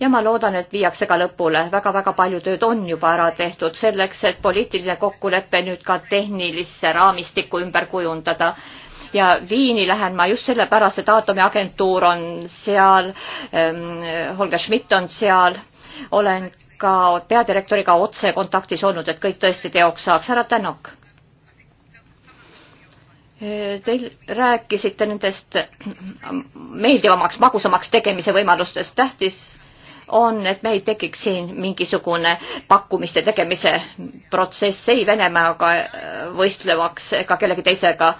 ja ma loodan, et viiakse ka lõpule väga,. väga-väga palju tööd on juba ära tehtud selleks, et poliitiline kokkulepe nüüd ka tehnilisse raamistikku ümber kujundada ja Viini lähen ma just sellepärast, et aatomiagentuur on seal ähm,, Holger Schmidt on seal, olen ka peadirektoriga otse kontaktis olnud, et kõik tõesti teoks saaks. härra Tänok. Teil rääkisite nendest meeldivamaks, magusamaks tegemise võimalustest. tähtis on, et meil tekiks siin mingisugune pakkumiste tegemise protsess ei Venemaaga võistlevaks ega kellegi teisega.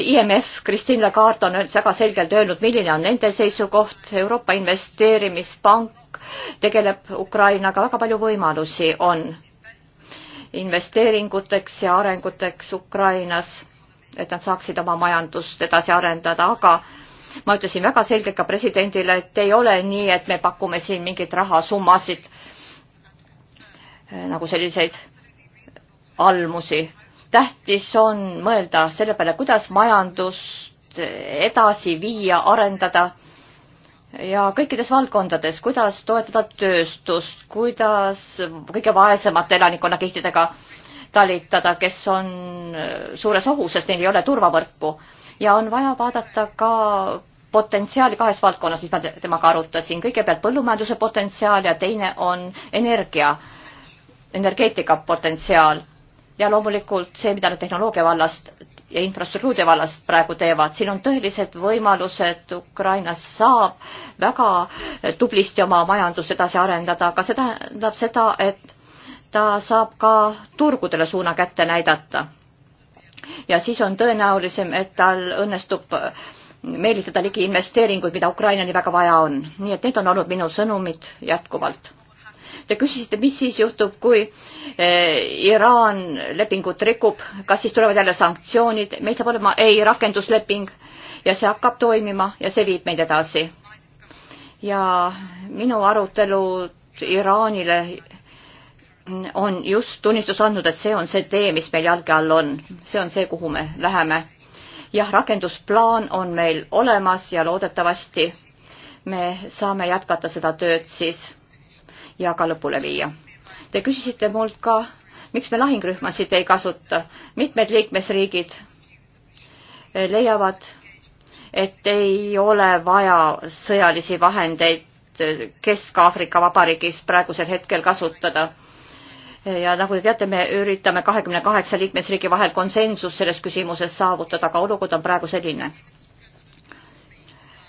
IMF, Christine Lagarde on öelnud, väga selgelt öelnud, milline on nende seisukoht, Euroopa Investeerimispank tegeleb Ukrainaga, väga palju võimalusi on investeeringuteks ja arenguteks Ukrainas, et nad saaksid oma majandust edasi arendada, aga ma ütlesin väga selgelt ka presidendile, et ei ole nii, et me pakume siin mingeid rahasummasid eh, nagu selliseid almusi. tähtis on mõelda selle peale, kuidas majandust edasi viia, arendada ja kõikides valdkondades, kuidas toetada tööstust, kuidas kõige vaesemate elanikkonnakihtidega talitada, kes on eh, suures ohus, sest neil ei ole turvavõrku ja on vaja vaadata ka potentsiaali kahes valdkonnas, mis ma temaga arutasin, kõigepealt põllumajanduse potentsiaal ja teine on energia, energeetika potentsiaal. ja loomulikult see, mida nad tehnoloogia vallast ja infrastruktuuride vallast praegu teevad, siin on tõelised võimalused, Ukrainas saab väga tublisti oma majandust edasi arendada, aga see tähendab seda, et ta saab ka turgudele suuna kätte näidata ja siis on tõenäolisem, et tal õnnestub meelitada ligi investeeringuid, mida Ukrainani väga vaja on. nii et need on olnud minu sõnumid jätkuvalt. Te küsisite, mis siis juhtub, kui eh, Iraan lepingut rikub, kas siis tulevad jälle sanktsioonid, meil saab olema ei rakendusleping ja see hakkab toimima ja see viib meid edasi. ja minu arutelud Iraanile on just tunnistus andnud, et see on see tee, mis meil jalge all on, see on see, kuhu me läheme. jah, rakendusplaan on meil olemas ja loodetavasti me saame jätkata seda tööd siis ja ka lõpule viia. Te küsisite mult ka, miks me lahingrühmasid ei kasuta. mitmed liikmesriigid leiavad, et ei ole vaja sõjalisi vahendeid Kesk-Aafrika Vabariigis praegusel hetkel kasutada ja nagu te teate, me üritame kahekümne kaheksa liikmesriigi vahel konsensus selles küsimuses saavutada, aga olukord on praegu selline.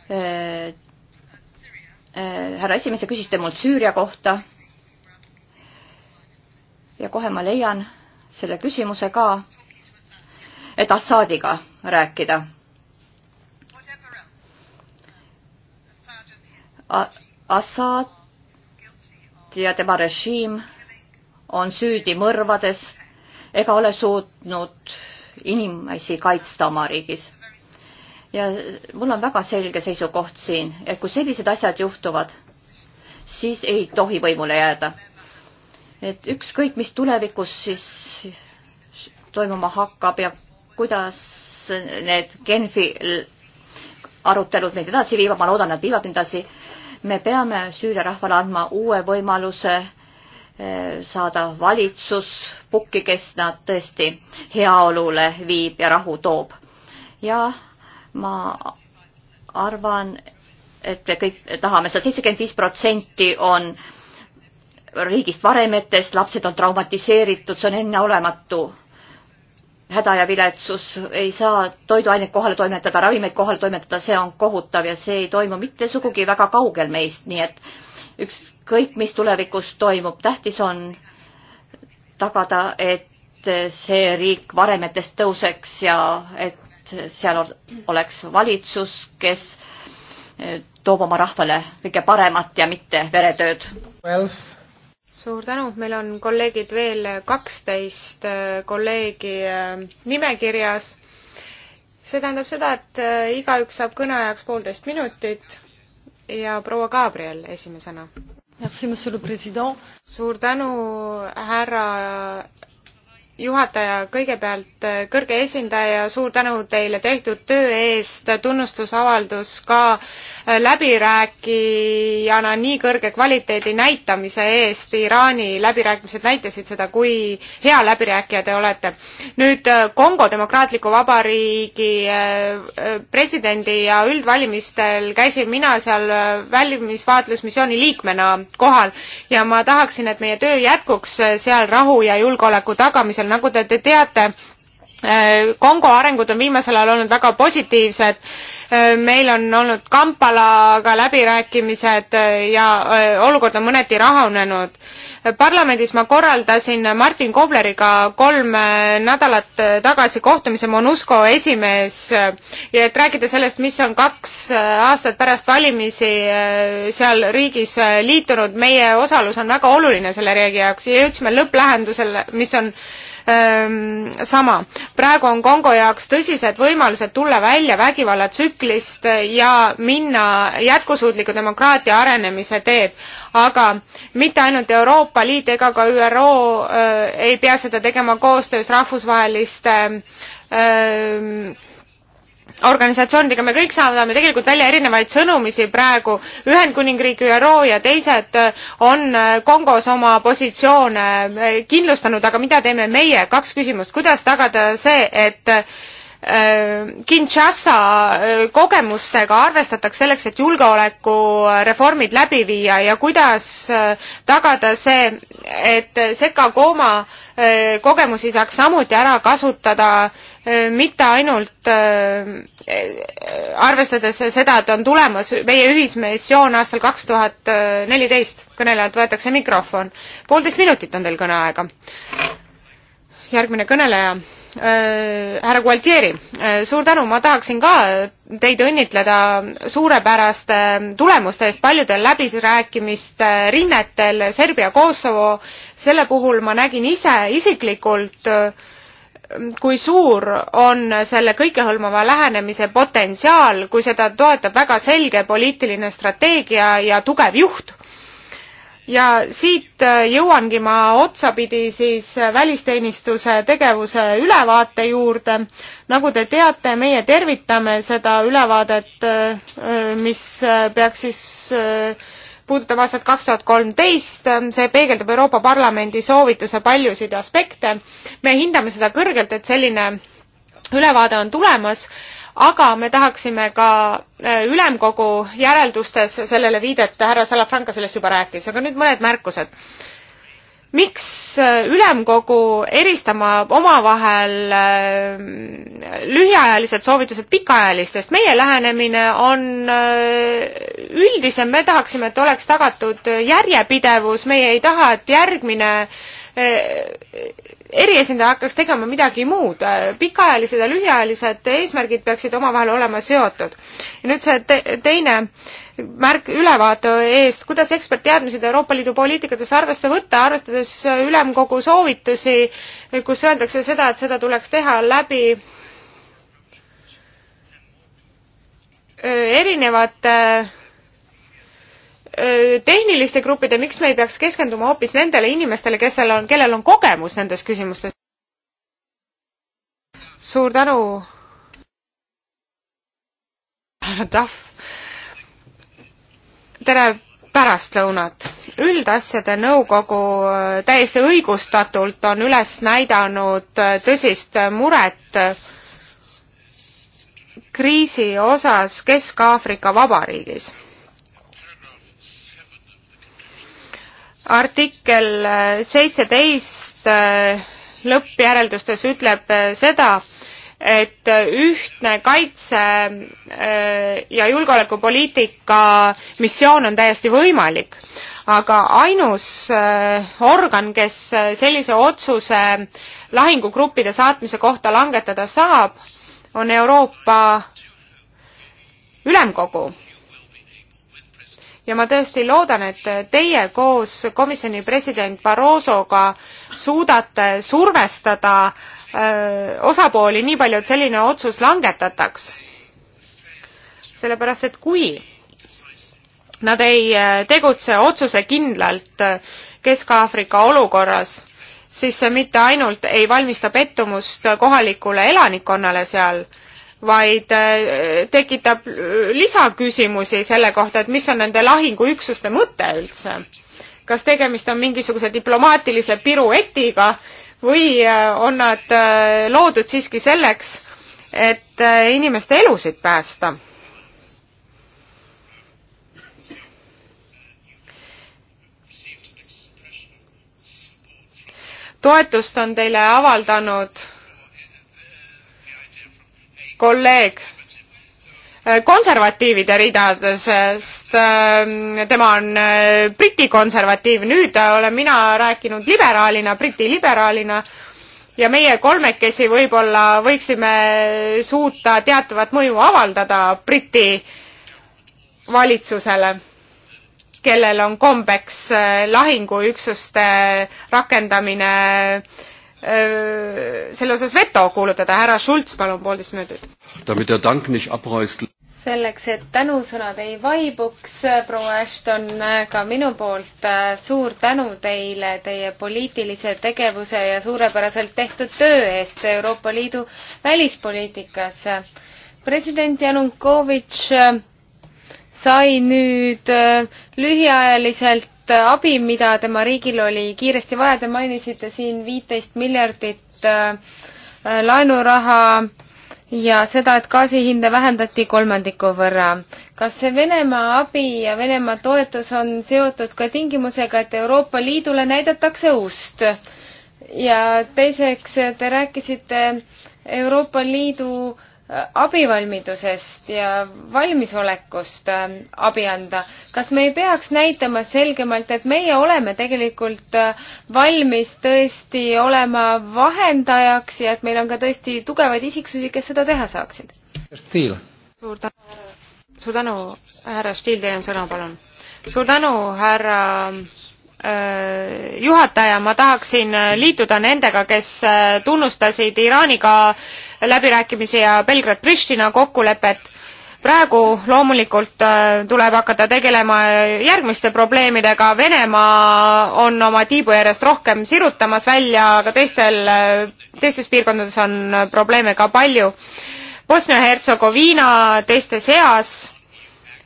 Äh, äh, härra esimees, te küsisite mult Süüria kohta. ja kohe ma leian selle küsimuse ka, et Assadiga rääkida A. Assad ja tema režiim on süüdi mõrvades ega ole suutnud inimesi kaitsta oma riigis. ja mul on väga selge seisukoht siin, et kui sellised asjad juhtuvad, siis ei tohi võimule jääda. et ükskõik, mis tulevikus siis toimuma hakkab ja kuidas need Genfi arutelud meid edasi viivad, ma loodan, nad viivad edasi, me peame Süüria rahvale andma uue võimaluse äh, saada valitsus pukki, kes nad tõesti heaolule viib ja rahu toob. ja ma arvan, et me kõik tahame seda, seitsekümmend viis protsenti on riigist varemetes, lapsed on traumatiseeritud, see on enneolematu häda ja viletsus, ei saa toiduaineid kohale toimetada, ravimeid kohale toimetada, see on kohutav ja see ei toimu mitte sugugi väga kaugel meist, nii et ükskõik, mis tulevikus toimub, tähtis on tagada, et see riik varemetest tõuseks ja et seal oleks valitsus, kes toob oma rahvale kõige paremat ja mitte veretööd well.. suur tänu, meil on kolleegid veel kaksteist äh, kolleegi äh, nimekirjas. see tähendab seda, et äh, igaüks saab kõne ajaks poolteist minutit ja proua Gabriel esimesena. suur tänu, härra juhataja, kõigepealt äh, kõrge esindaja, suur tänu teile tehtud töö eest, tunnustusavaldus ka äh, läbirääkijana nii kõrge kvaliteedi näitamise eest. Iraani läbirääkimised näitasid seda, kui hea läbirääkija te olete. nüüd äh, Kongo Demokraatliku Vabariigi äh, äh, presidendi ja üldvalimistel käisin mina seal välimisvaatlusmissiooni liikmena kohal ja ma tahaksin, et meie töö jätkuks seal rahu ja julgeoleku tagamisel, nagu te, te teate, Kongo arengud on viimasel ajal olnud väga positiivsed Äh, meil on olnud Kampalaga läbirääkimised äh, ja äh, olukord on mõneti rahunenud. parlamendis ma korraldasin Martin Kobleriga kolm nädalat tagasi kohtumise MONUSCO esimees ja et rääkida sellest, mis on kaks aastat pärast valimisi seal riigis liitunud, meie osalus on väga oluline selle riigi jaoks ja jõudsime lõpplähendusele, mis on äh, sama. praegu on Kongo jaoks tõsised võimalused tulla välja vägivallatsüklist ja minna jätkusuutliku demokraatia arenemise teed. aga mitte ainult Euroopa Liit ega ka ÜRO äh, ei pea seda tegema koostöös rahvusvaheliste äh, organisatsioonidega me kõik saadame tegelikult välja erinevaid sõnumisi praegu, Ühendkuningriik, ÜRO ja teised äh, on äh, Kongos oma positsioone äh, kindlustanud, aga mida teeme meie, kaks küsimust, kuidas tagada see, et Äh, Kinshasa äh, kogemustega arvestatakse selleks, et julgeolekureformid läbi viia ja kuidas äh, tagada see, et Sekakooma kogemusi saaks samuti ära kasutada, mitte ainult arvestades seda, et on tulemas meie ühismissioon aastal kaks tuhat neliteist, kõnelejalt võetakse mikrofon. poolteist minutit on teil kõneaega. järgmine kõneleja Äh, härra Gualtieri, äh, suur tänu, ma tahaksin ka teid õnnitleda suurepäraste äh, tulemuste eest paljudel läbirääkimiste rinnetel Serbia-Kosovo. selle puhul ma nägin ise isiklikult, kui suur on selle kõikehõlmava lähenemise potentsiaal, kui seda toetab väga selge poliitiline strateegia ja tugev juht ja siit äh, jõuangi ma otsapidi siis äh, välisteenistuse tegevuse ülevaate juurde. nagu te teate, meie tervitame seda ülevaadet, äh, mis peaks siis puudutab aastat kaks tuhat kolmteist, see peegeldab Euroopa Parlamendi soovituse paljusid aspekte. me hindame seda kõrgelt, et selline ülevaade on tulemas, aga me tahaksime ka äh, ülemkogu järeldustes sellele viidet, härra Salafranca sellest juba rääkis, aga nüüd mõned märkused. miks äh, ülemkogu eristama omavahel äh, lühiajalised soovitused pikaajalistest? meie lähenemine on üldisem, me tahaksime, et oleks tagatud järjepidevus, meie ei taha, et järgmine eriesindaja hakkaks tegema midagi muud. pikaajalised ja lühiajalised eesmärgid peaksid omavahel olema seotud. ja nüüd see te teine märk ülevaate eest, kuidas ekspertteadmised Euroopa Liidu poliitikates arvesse võtta, arvestades ülemkogu soovitusi, kus öeldakse seda, et seda tuleks teha läbi äh, erinevate äh, tehniliste gruppide, miks me ei peaks keskenduma hoopis nendele inimestele, kesel on, kellel on kogemus nendes küsimustes? suur tänu, härra [laughs] Tahv. tere pärastlõunat. üldasjade nõukogu täiesti õigustatult on üles näidanud tõsist muret kriisi osas Kesk-Aafrika Vabariigis artikkel seitseteist äh, lõppjäreldustes ütleb äh, seda, et äh, ühtne kaitse- ja julgeolekupoliitika missioon on täiesti võimalik, aga ainus organ, kes sellise otsuse lahingugruppide saatmise kohta langetada saab, on Euroopa Ülemkogu ja ma tõesti loodan, et teie koos komisjoni president Barrosoga suudate survestada öö, äh, osapooli nii palju, et selline otsus langetataks. sellepärast, et kui nad ei äh, tegutse otsusekindlalt äh, Kesk-Aafrika olukorras, siis see mitte ainult ei valmista pettumust kohalikule elanikkonnale seal, vaid äh, tekitab lisaküsimusi selle kohta, et mis on nende lahinguüksuste mõte üldse. kas tegemist on mingisuguse diplomaatilise piruetiga või äh, on nad äh, loodud siiski selleks, et inimeste elusid päästa? toetust on teile avaldanud kolleeg äh, konservatiivide ridadest, äh, tema on äh, Briti konservatiiv, nüüd olen mina rääkinud liberaalina, Briti liberaalina ja meie kolmekesi võib-olla võiksime suuta teatavat mõju avaldada Briti valitsusele, kellel on kombeks lahinguüksuste rakendamine äh, Äh, selle osas veto kuulutada. härra Schulz, palun, poolteist minutit. selleks, et tänusõnad ei vaibuks, proua Ashton, ka minu poolt äh, suur tänu teile teie poliitilise tegevuse ja suurepäraselt tehtud töö eest Euroopa Liidu välispoliitikas. president Janukovitš äh, sai nüüd lühiajaliselt abi, mida tema riigil oli kiiresti vaja, te mainisite siin viiteist miljardit äh, laenuraha ja seda, et gaasi hinda vähendati kolmandiku võrra. kas see Venemaa abi ja Venemaa toetus on seotud ka tingimusega, et Euroopa Liidule näidatakse ust? ja teiseks, te rääkisite Euroopa Liidu äh, abivalmidusest ja valmisolekust äh, abi anda. kas me ei peaks näitama selgemalt, et meie oleme tegelikult äh, valmis tõesti olema vahendajaks ja et meil on ka tõesti tugevaid isiksusi, kes seda teha saaksid? suur tänu, suur tänu, härra Stiil, teil on sõna, palun. suur tänu, härra Äh, juhataja, ma tahaksin äh, liituda nendega, kes äh, tunnustasid Iraaniga läbirääkimisi ja Belgrad-Pristina kokkulepet. praegu loomulikult tuleb hakata tegelema järgmiste probleemidega, Venemaa on oma tiibu järjest rohkem sirutamas välja, aga teistel, teistes piirkondades on probleeme ka palju. Bosnia-Hertsegoviina teiste seas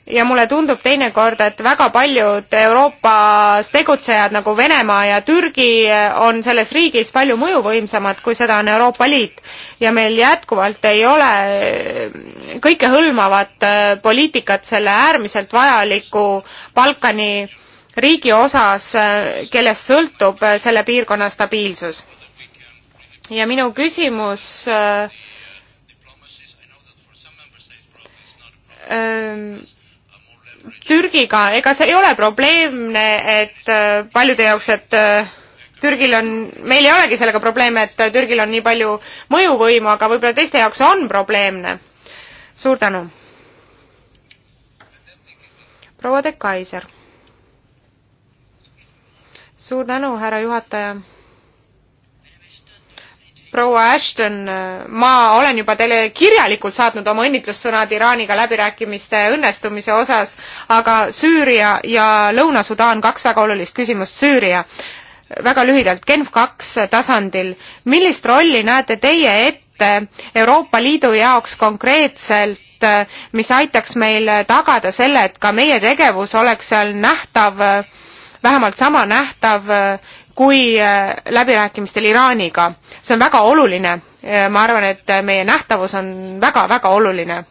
ja mulle tundub teinekord, et väga paljud Euroopas tegutsejad nagu Venemaa ja Türgi on selles riigis palju mõjuvõimsamad, kui seda on Euroopa Liit. ja meil jätkuvalt ei ole kõikehõlmavat äh, poliitikat selle äärmiselt vajaliku Balkani riigi osas, äh, kellest sõltub äh, selle piirkonna stabiilsus. ja minu küsimus äh, Türgiga, ega see ei ole probleemne, et äh, paljude jaoks, et äh, Türgil on, meil ei olegi sellega probleeme, et äh, Türgil on nii palju mõjuvõimu, aga võib-olla teiste jaoks on probleemne. suur tänu. proua de Kaiser. suur tänu, härra juhataja proua Ashton, ma olen juba teile kirjalikult saatnud oma õnnitlussõnad Iraaniga läbirääkimiste õnnestumise osas, aga Süüria ja Lõuna-Sudaan, kaks väga olulist küsimust, Süüria väga lühidalt, Genf kaks tasandil, millist rolli näete teie ette Euroopa Liidu jaoks konkreetselt, mis aitaks meil tagada selle, et ka meie tegevus oleks seal nähtav, vähemalt sama nähtav kui äh, läbirääkimistel Iraaniga. see on väga oluline. Äh, ma arvan, et äh, meie nähtavus on väga-väga oluline.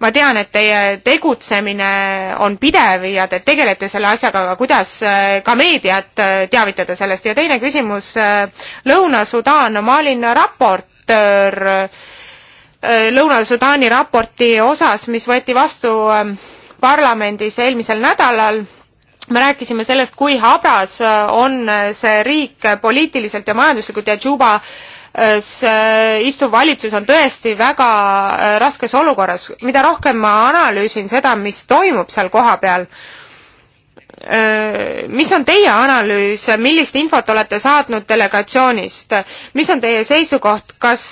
ma tean, et teie tegutsemine on pidev ja te tegelete selle asjaga, aga kuidas ka meediat teavitada sellest ja teine küsimus, Lõuna-Sudaan, ma olin raportöör Lõuna-Sudaani raporti osas, mis võeti vastu parlamendis eelmisel nädalal me rääkisime sellest, kui habras äh, on äh, see riik äh, poliitiliselt ja majanduslikult ja Juba see istuv valitsus on tõesti väga raskes olukorras. mida rohkem ma analüüsin seda, mis toimub seal kohapeal, mis on teie analüüs, millist infot olete saatnud delegatsioonist, mis on teie seisukoht, kas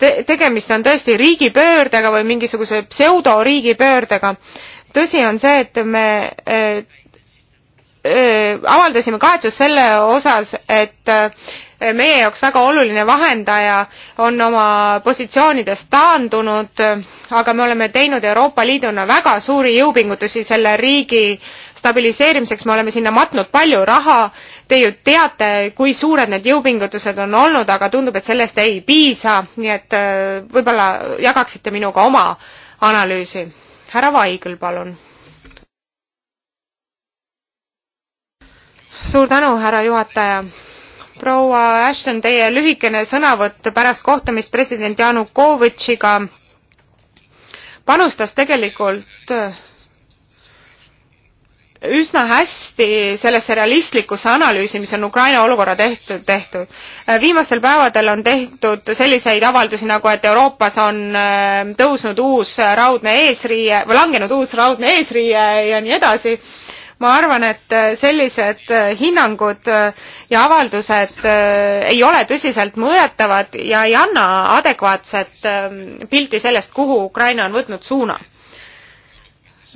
te tegemist on tõesti riigipöördega või mingisuguse pseudoriigipöördega? tõsi on see, et me avaldasime kahetsust selle osas, et meie jaoks väga oluline vahendaja on oma positsioonidest taandunud, aga me oleme teinud Euroopa Liiduna väga suuri jõupingutusi selle riigi stabiliseerimiseks, me oleme sinna matnud palju raha, te ju teate, kui suured need jõupingutused on olnud, aga tundub, et sellest ei piisa, nii et võib-olla jagaksite minuga oma analüüsi. härra Vaigel, palun suur tänu, härra juhataja. proua Ashton, teie lühikene sõnavõtt pärast kohtumist president Janukovitšiga panustas tegelikult üsna hästi sellesse realistlikusse analüüsi, mis on Ukraina olukorra tehtud, tehtud. viimastel päevadel on tehtud selliseid avaldusi nagu, et Euroopas on ähm, tõusnud uus raudne eesriie või langenud uus raudne eesriie ja nii edasi ma arvan, et äh, sellised äh, hinnangud äh, ja avaldused ei ole tõsiselt mõõdetavad ja ei anna adekvaatset ähm, pilti sellest, kuhu Ukraina on võtnud suuna.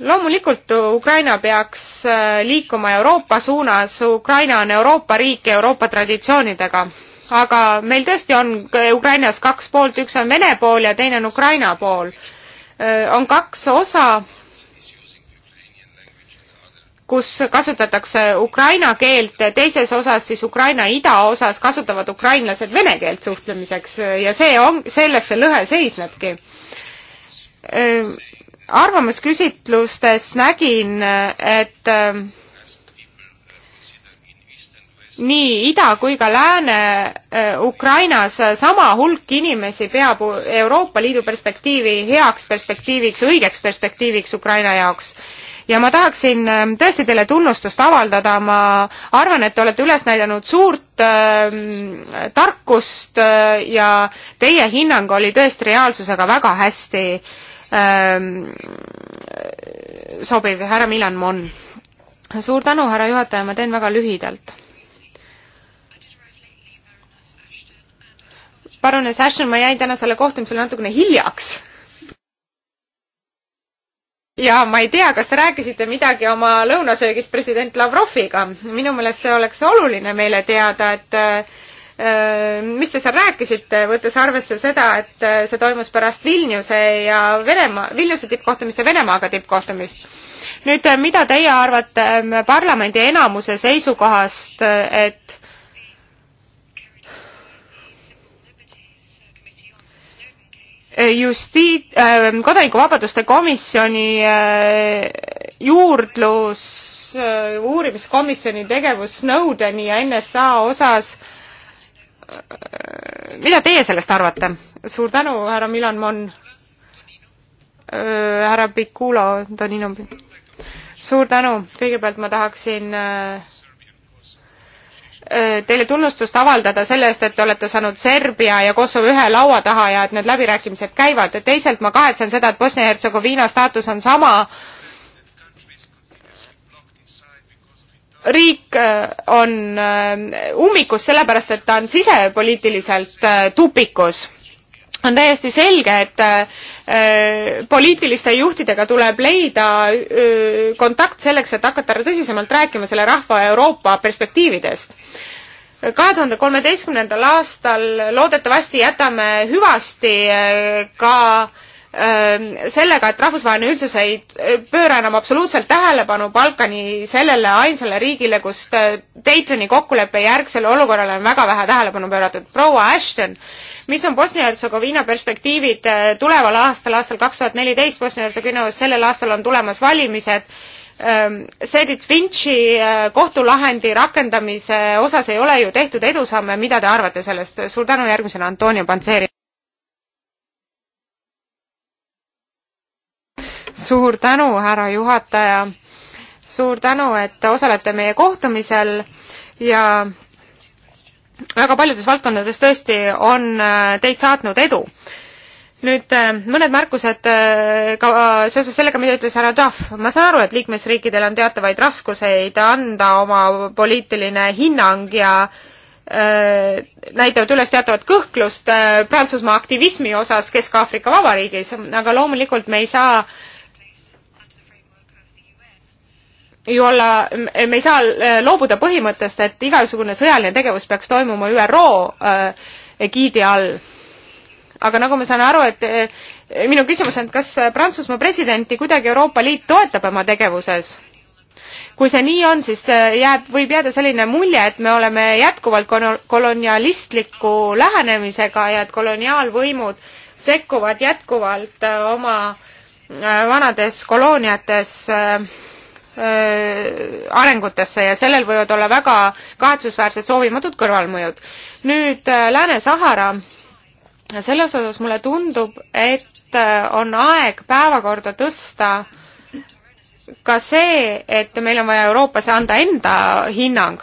loomulikult Ukraina peaks liikuma Euroopa suunas, Ukraina on Euroopa riik Euroopa traditsioonidega aga meil tõesti on Ukrainas kaks poolt, üks on Vene pool ja teine on Ukraina pool. on kaks osa kus kasutatakse ukraina keelt, teises osas siis Ukraina idaosas kasutavad ukrainlased vene keelt suhtlemiseks ja see on, selles see lõhe seisnebki. Äh, arvamusküsitlustest nägin, et äh, nii ida kui ka lääne eh, Ukrainas sama hulk inimesi peab Euroopa Liidu perspektiivi heaks perspektiiviks, õigeks perspektiiviks Ukraina jaoks. ja ma tahaksin eh, tõesti teile tunnustust avaldada, ma arvan, et te olete üles näidanud suurt äh, tarkust äh, ja teie hinnang oli tõesti reaalsusega väga hästi äh, sobiv, härra Milan Mon. suur tänu, härra juhataja, ma teen väga lühidalt parunes Ashton, ma jäin tänasele kohtumisele natukene hiljaks. ja ma ei tea, kas te rääkisite midagi oma lõunasöögist president Lavroviga. minu meelest see oleks oluline meile teada, et äh, mis te seal rääkisite, võttes arvesse seda, et äh, see toimus pärast Vilniuse ja Venemaa, Vilniuse tippkohtumist ja Venemaaga tippkohtumist nüüd äh, mida teie arvate ähm, parlamendi enamuse seisukohast, äh, et justi-, äh, kodanikuvabaduste komisjoni äh, juurdlus, äh, uurimiskomisjoni tegevus Snowdeni ja NSA osas. mida teie sellest arvate? suur tänu, härra Milan Mon. härra Pikulo, Donino. suur tänu, kõigepealt ma tahaksin äh, Äh, teile tunnustust avaldada selle eest, et te olete saanud Serbia ja Kosovo ühe laua taha ja et need läbirääkimised käivad. teisalt ma kahetsen seda, et Bosnia-Hertsegoviina staatus on sama. riik äh, on äh, ummikus sellepärast, et ta on sisepoliitiliselt tupikus on täiesti selge, et äh, poliitiliste juhtidega tuleb leida äh, kontakt selleks, et hakata tõsisemalt rääkima selle rahva Euroopa perspektiividest. kahe tuhande kolmeteistkümnendal aastal loodetavasti jätame hüvasti äh, ka äh, sellega, et rahvusvaheline üldsus ei äh, pööra enam absoluutselt tähelepanu Balkani sellele ainsale riigile, kus äh, Daytoni kokkuleppe järgsele olukorrale on väga vähe tähelepanu pööratud. proua Ashton äh, mis on Bosnia-Hertsegoviina perspektiivid äh, tuleval aastal, aastal kaks tuhat neliteist Bosnia-Hertsegoviinas, sellel aastal on tulemas valimised. Ähm, Sedit Vinci äh, kohtulahendi rakendamise osas ei ole ju tehtud edusamme, mida te arvate sellest? suur tänu järgmisena, Antonio Panseri. suur tänu, härra juhataja. suur tänu, et osalete meie kohtumisel ja väga paljudes valdkondades tõesti on äh, teid saatnud edu. nüüd äh, mõned märkused äh, ka seoses sellega, mida ütles härra Duff. ma saan aru, et liikmesriikidel on teatavaid raskuseid anda oma poliitiline hinnang ja äh, näitavad üles teatavat kõhklust äh, Prantsusmaa aktivismi osas Kesk-Aafrika Vabariigis, aga loomulikult me ei saa äh, ju olla, me ei saa äh, loobuda põhimõttest, et igasugune sõjaline tegevus peaks toimuma ÜRO äh, egiidi all. aga nagu ma saan aru, et äh, minu küsimus on, et kas Prantsusmaa presidenti kuidagi Euroopa Liit toetab oma tegevuses? kui see nii on, siis jääb, võib jääda selline mulje, et me oleme jätkuvalt kolonialistliku lähenemisega ja et koloniaalvõimud sekkuvad jätkuvalt oma vanades kolooniates äh, Äh, arengutesse ja sellel võivad olla väga kahetsusväärsed soovimatud kõrvalmõjud. nüüd äh, Lääne-Sahara, selles osas mulle tundub, et äh, on aeg päevakorda tõsta ka see, et meil on vaja Euroopasse anda enda hinnang.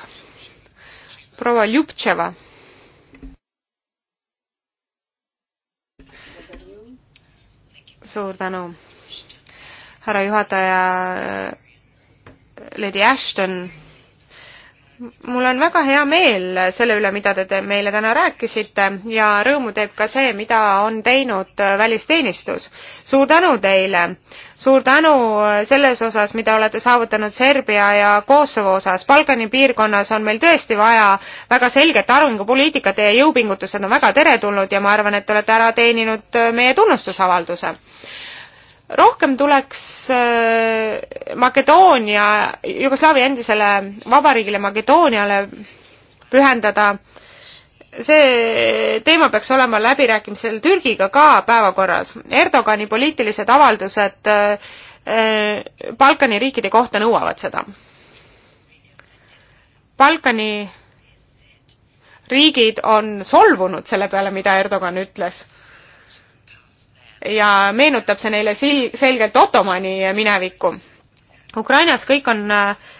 proua Ljubtševa suur tänu, härra juhataja. Lady Ashton, mul on väga hea meel selle üle, mida te, te meile täna rääkisite ja rõõmu teeb ka see, mida on teinud välisteenistus. suur tänu teile, suur tänu selles osas, mida olete saavutanud Serbia ja Kosovo osas. Balkani piirkonnas on meil tõesti vaja väga selget arengupoliitikat, teie jõupingutused on väga teretulnud ja ma arvan, et te olete ära teeninud meie tunnustusavalduse rohkem tuleks äh, Makedoonia, Jugoslaavia endisele vabariigile Makedooniale pühendada. see teema peaks olema läbirääkimisel Türgiga ka päevakorras. Erdogani poliitilised avaldused äh, äh, Balkani riikide kohta nõuavad seda. Balkani riigid on solvunud selle peale, mida Erdogan ütles ja meenutab see neile sil-, selgelt Ottomani minevikku. Ukrainas kõik on äh,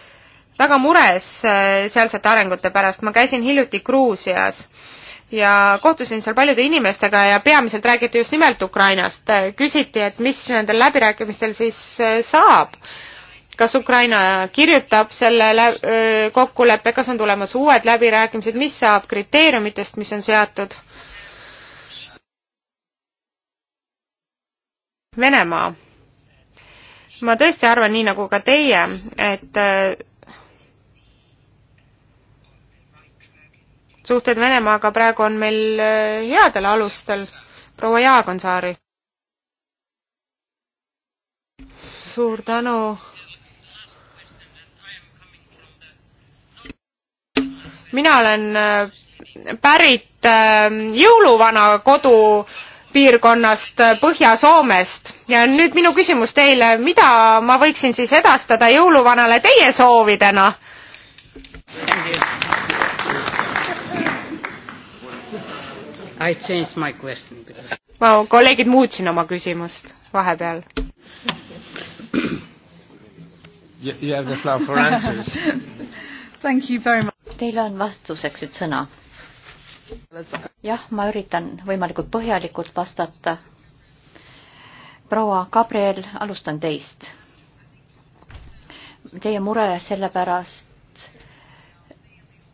väga mures äh, sealsete arengute pärast, ma käisin hiljuti Gruusias ja kohtusin seal paljude inimestega ja peamiselt räägiti just nimelt Ukrainast. küsiti, et mis nendel läbirääkimistel siis äh, saab. kas Ukraina kirjutab selle kokkuleppe, kas on tulemas uued läbirääkimised, mis saab kriteeriumitest, mis on seatud? Venemaa. ma tõesti arvan, nii nagu ka teie, et äh, suhted Venemaaga praegu on meil äh, headel alustel. proua Jaagonsaari. suur tänu. mina olen äh, pärit jõuluvana kodu piirkonnast äh, Põhja-Soomest ja nüüd minu küsimus teile, mida ma võiksin siis edastada jõuluvanale teie soovidena? Because... ma, kolleegid, muutsin oma küsimust vahepeal. [laughs] Teil on vastuseks nüüd sõna jah, ma üritan võimalikult põhjalikult vastata. proua Gabriel, alustan teist. Teie mure selle pärast,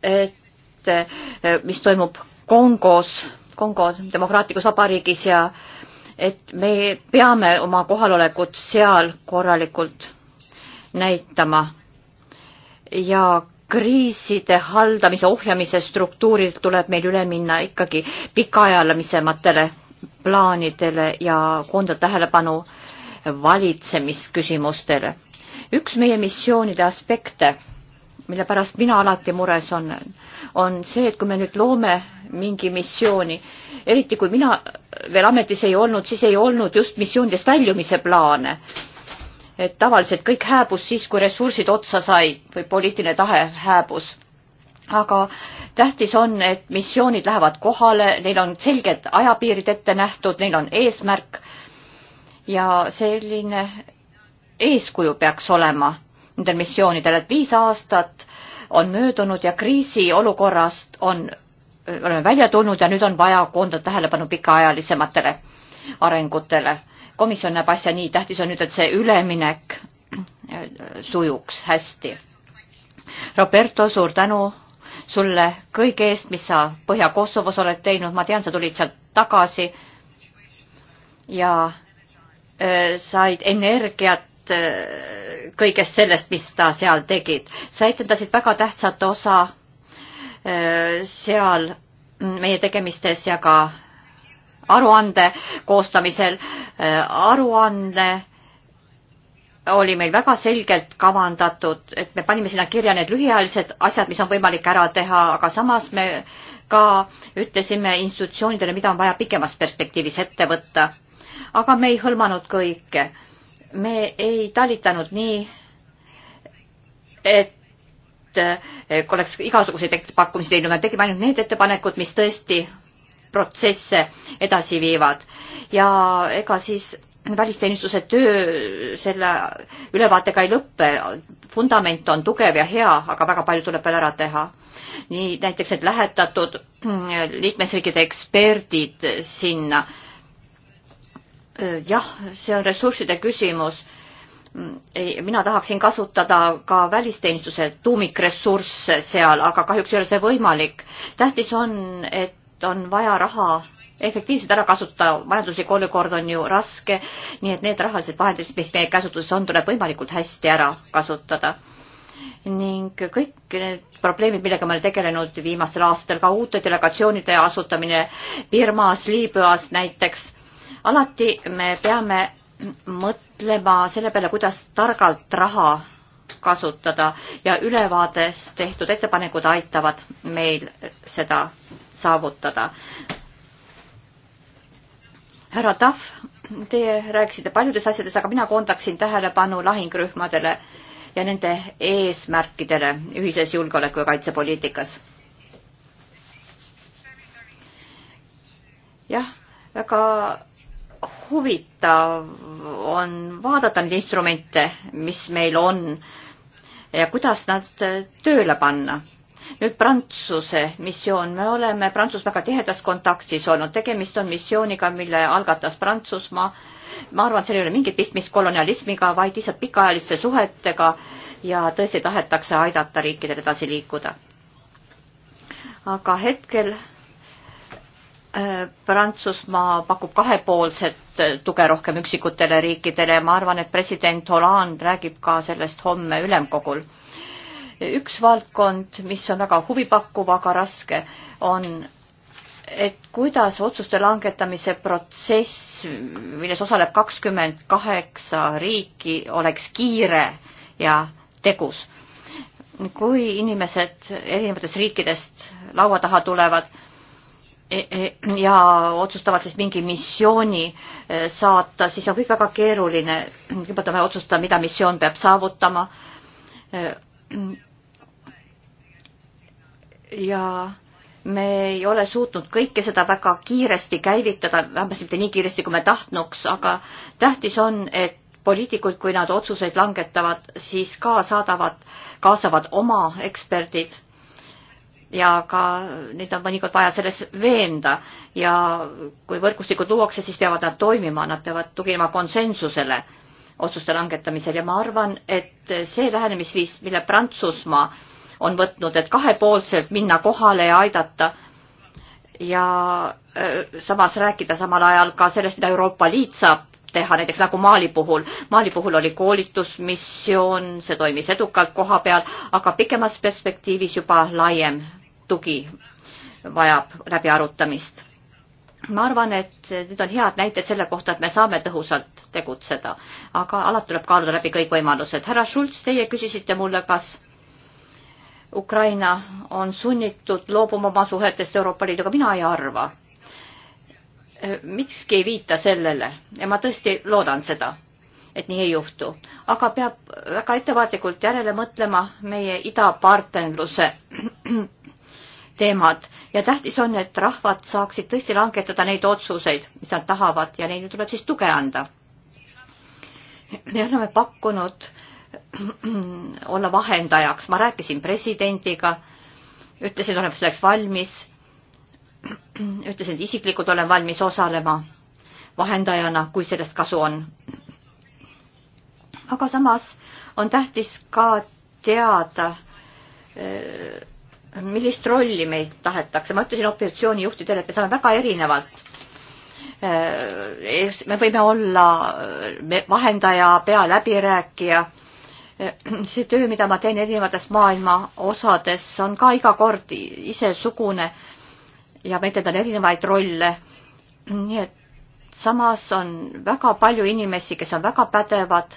et eh, mis toimub Kongos, Kongo demokraatlikus vabariigis ja et me peame oma kohalolekut seal korralikult näitama ja kriiside haldamise, ohjamise struktuurilt tuleb meil üle minna ikkagi pikaajalisematele plaanidele ja koondada tähelepanu valitsemisküsimustele. üks meie missioonide aspekte, mille pärast mina alati mures on, on see, et kui me nüüd loome mingi missiooni, eriti kui mina veel ametis ei olnud, siis ei olnud just missioonidest väljumise plaane et tavaliselt kõik hääbus siis, kui ressursid otsa said või poliitiline tahe hääbus. aga tähtis on, et missioonid lähevad kohale, neil on selged ajapiirid ette nähtud, neil on eesmärk ja selline eeskuju peaks olema nendel missioonidel, et viis aastat on möödunud ja kriisiolukorrast on, oleme välja tulnud ja nüüd on vaja koondada tähelepanu pikaajalisematele arengutele komisjon näeb asja nii, tähtis on nüüd, et see üleminek sujuks hästi. Roberto, suur tänu sulle kõige eest, mis sa Põhja-Kosovos oled teinud, ma tean, sa tulid sealt tagasi ja äh, said energiat äh, kõigest sellest, mis sa seal tegid. sa etendasid väga tähtsat osa äh, seal meie tegemistes ja ka aruande koostamisel. aruanne oli meil väga selgelt kavandatud, et me panime sinna kirja need lühiajalised asjad, mis on võimalik ära teha, aga samas me ka ütlesime institutsioonidele, mida on vaja pikemas perspektiivis ette võtta. aga me ei hõlmanud kõike. me ei talitanud nii, et oleks igasuguseid pakkumisi teinud, me tegime ainult need ettepanekud, mis tõesti protsesse edasi viivad ja ega siis välisteenistuse töö selle ülevaatega ei lõppe, vundament on tugev ja hea, aga väga palju tuleb veel ära teha. nii näiteks need lähetatud liikmesriikide eksperdid sinna. jah, see on ressursside küsimus. mina tahaksin kasutada ka välisteenistuse tuumikressursse seal, aga kahjuks ei ole see võimalik. tähtis on, et on vaja raha efektiivselt ära kasutada, majanduslik olukord on ju raske, nii et need rahalised vahendid, mis meie käsutuses on, tuleb võimalikult hästi ära kasutada. ning kõik need probleemid, millega me oleme tegelenud viimastel aastatel, ka uute delegatsioonide asutamine Birmas, Liibüas näiteks, alati me peame mõtlema selle peale, kuidas targalt raha kasutada ja ülevaates tehtud ettepanekud aitavad meil seda saavutada. härra Tahv, teie rääkisite paljudes asjades, aga mina koondaksin tähelepanu lahingrühmadele ja nende eesmärkidele ühises julgeoleku ja kaitsepoliitikas. jah, väga huvitav on vaadata neid instrumente, mis meil on ja kuidas nad tööle panna. nüüd Prantsuse missioon, me oleme Prantsus väga tihedas kontaktis olnud, tegemist on missiooniga, mille algatas Prantsusmaa. ma arvan, seal ei ole mingit pistmist kolonialismiga, vaid lihtsalt pikaajaliste suhetega ja tõesti tahetakse aidata riikidel edasi liikuda. aga hetkel Prantsusmaa pakub kahepoolset tuge rohkem üksikutele riikidele ja ma arvan, et president Hollande räägib ka sellest homme ülemkogul. üks valdkond, mis on väga huvipakkuv, aga raske, on et kuidas otsuste langetamise protsess, milles osaleb kakskümmend kaheksa riiki, oleks kiire ja tegus. kui inimesed erinevatest riikidest laua taha tulevad, E, e, ja otsustavad siis mingi missiooni e, saata, siis on kõik väga keeruline. kõigepealt on vaja otsustada, mida missioon peab saavutama. ja me ei ole suutnud kõike seda väga kiiresti käivitada, vähemasti mitte nii kiiresti, kui me tahtnuks, aga tähtis on, et poliitikud, kui nad otsuseid langetavad, siis ka saadavad, kaasavad oma eksperdid ja ka neid on mõnikord vaja selles veenda ja kui võrgustikud luuakse, siis peavad nad toimima, nad peavad tuginema konsensusele otsuste langetamisel ja ma arvan, et see lähenemisviis, mille Prantsusmaa on võtnud, et kahepoolselt minna kohale ja aidata ja äh, samas rääkida samal ajal ka sellest, mida Euroopa Liit saab teha, näiteks nagu Mali puhul. Mali puhul oli koolitusmissioon, see toimis edukalt koha peal, aga pikemas perspektiivis juba laiem tugi vajab läbiarutamist. ma arvan, et need on head näited selle kohta, et me saame tõhusalt tegutseda, aga alati tuleb kaaluda läbi kõik võimalused. härra Schulz, teie küsisite mulle, kas Ukraina on sunnitud loobuma oma suhetest Euroopa Liiduga, mina ei arva. miski ei viita sellele ja ma tõesti loodan seda, et nii ei juhtu, aga peab väga ettevaatlikult järele mõtlema meie idapartnerluse teemad ja tähtis on, et rahvad saaksid tõesti langetada neid otsuseid, mis nad tahavad ja neile tuleb siis tuge anda. me oleme pakkunud [clears throat] olla vahendajaks, ma rääkisin presidendiga, ütlesin, olen selleks valmis, [clears throat] ütlesin, et isiklikult olen valmis osalema vahendajana, kui sellest kasu on. aga samas on tähtis ka teada, äh, millist rolli meilt tahetakse, ma ütlesin opositsioonijuhtidele, et me saame väga erinevalt. Äh, me võime olla äh, vahendaja, pealäbirääkija. Äh, see töö, mida ma teen erinevates maailma osades, on ka iga kord isesugune ja ma ütlen, on erinevaid rolle. nii et samas on väga palju inimesi, kes on väga pädevad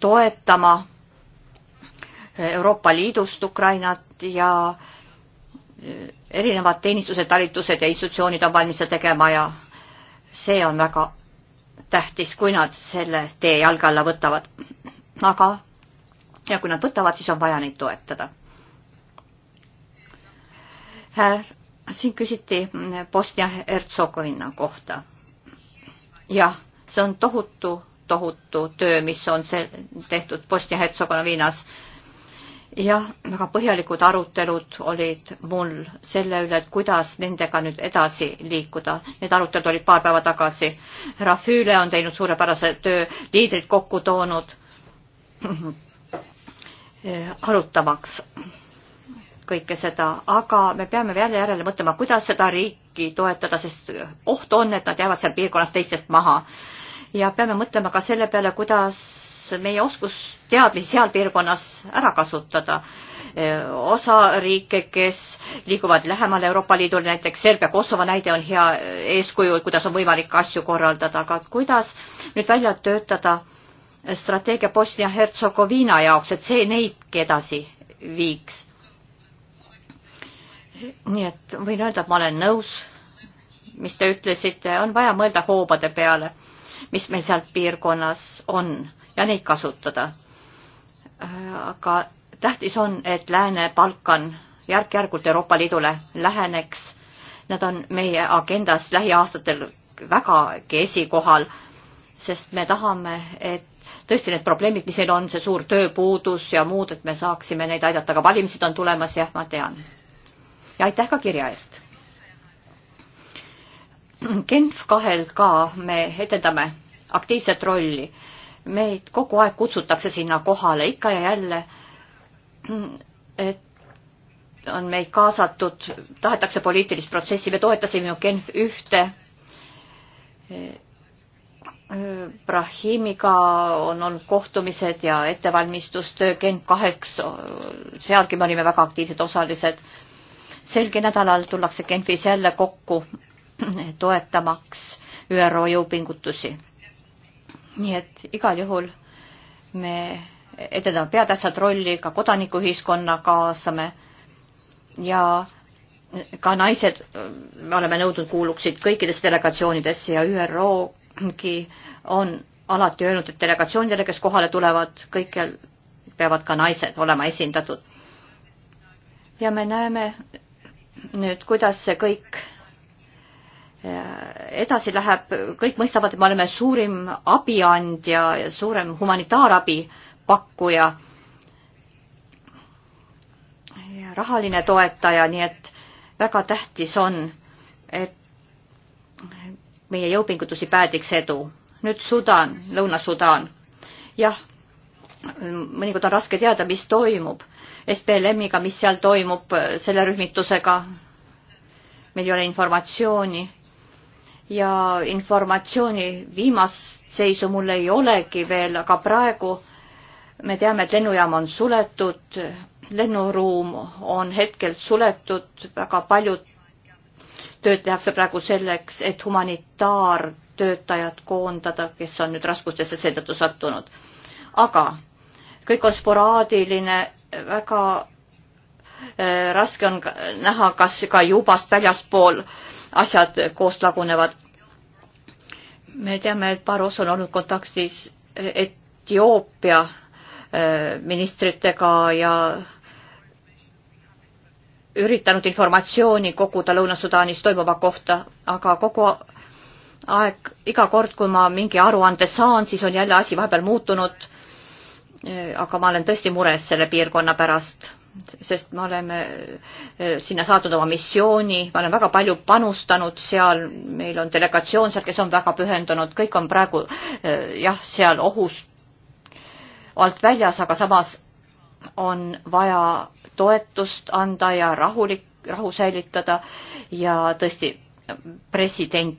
toetama Euroopa Liidust Ukrainat ja eh, erinevad teenistused, talitused ja institutsioonid on valmis seda tegema ja see on väga tähtis, kui nad selle tee jalge alla võtavad. aga, ja kui nad võtavad, siis on vaja neid toetada. Äh, siin küsiti Bosnia-Hertsegoviina kohta. jah, see on tohutu, tohutu töö, mis on see tehtud Bosnia-Hertsegoviinas jah, väga põhjalikud arutelud olid mul selle üle, et kuidas nendega nüüd edasi liikuda. Need arutelud olid paar päeva tagasi. härra Füüle on teinud suurepärase töö, liidrid kokku toonud, [clears throat] arutamaks kõike seda, aga me peame jälle järele mõtlema, kuidas seda riiki toetada, sest oht on, et nad jäävad seal piirkonnas teistest maha. ja peame mõtlema ka selle peale, kuidas meie oskusteadmisi seal piirkonnas ära kasutada. osa riike, kes liiguvad lähemale Euroopa Liidule, näiteks Serbia, Kosovo näide on hea eeskuju, kuidas on võimalik asju korraldada, aga kuidas nüüd välja töötada strateegia Bosnia-Hertsegoviina jaoks, et see neidki edasi viiks. nii et võin öelda, et ma olen nõus, mis te ütlesite, on vaja mõelda hoobade peale mis meil seal piirkonnas on ja neid kasutada. aga tähtis on, et Lääne-Balkan järk-järgult Euroopa Liidule läheneks. Nad on meie agendas lähiaastatel vägagi esikohal, sest me tahame, et tõesti need probleemid, mis neil on, see suur tööpuudus ja muud, et me saaksime neid aidata, aga valimised on tulemas, jah, ma tean. ja aitäh ka kirja eest. Genf kahel ka me edendame aktiivset rolli meid kogu aeg kutsutakse sinna kohale ikka ja jälle, et on meid kaasatud, tahetakse poliitilist protsessi, me toetasime ju Genf ühte. Brahimiga on olnud kohtumised ja ettevalmistustöö, Genf kaheks, sealgi me olime väga aktiivsed osalised. selgi nädalal tullakse Genfis jälle kokku, toetamaks ÜRO jõupingutusi nii et igal juhul me edendame peatähtsat rolli, ka kodanikuühiskonna kaasame ja ka naised, me oleme nõudnud, kuuluksid kõikides delegatsioonides ja ÜRO-gi on alati öelnud, et delegatsioonidele, kes kohale tulevad, kõikjal peavad ka naised olema esindatud. ja me näeme nüüd, kuidas see kõik edasi läheb, kõik mõistavad, et me oleme suurim abiandja ja suurem humanitaarabi pakkuja ja rahaline toetaja, nii et väga tähtis on, et meie jõupingutusi päädiks edu. nüüd Sudaan, Lõuna-Sudaan. jah, mõnikord on raske teada, mis toimub SPLM-iga, mis seal toimub selle rühmitusega. meil ei ole informatsiooni ja informatsiooni viimast seisu mul ei olegi veel, aga praegu me teame, et lennujaam on suletud, lennuruum on hetkel suletud, väga paljud tööd tehakse praegu selleks, et humanitaartöötajad koondada, kes on nüüd raskustesse seetõttu sattunud. aga kõik on sporaadiline, väga äh, raske on näha, kas ka jubast väljaspool äh, asjad koost lagunevad. me teame, et Barros on olnud kontaktis Etioopia äh, ministritega ja üritanud informatsiooni koguda Lõuna-Sudaanis toimuva kohta, aga kogu aeg, iga kord, kui ma mingi aruande saan, siis on jälle asi vahepeal muutunud. Äh, aga ma olen tõesti mures selle piirkonna pärast sest me oleme eh, sinna saatnud oma missiooni, ma olen väga palju panustanud seal, meil on delegatsioon seal, kes on väga pühendunud, kõik on praegu eh, jah, seal ohus alt väljas, aga samas on vaja toetust anda ja rahulik, rahu säilitada ja tõesti, president,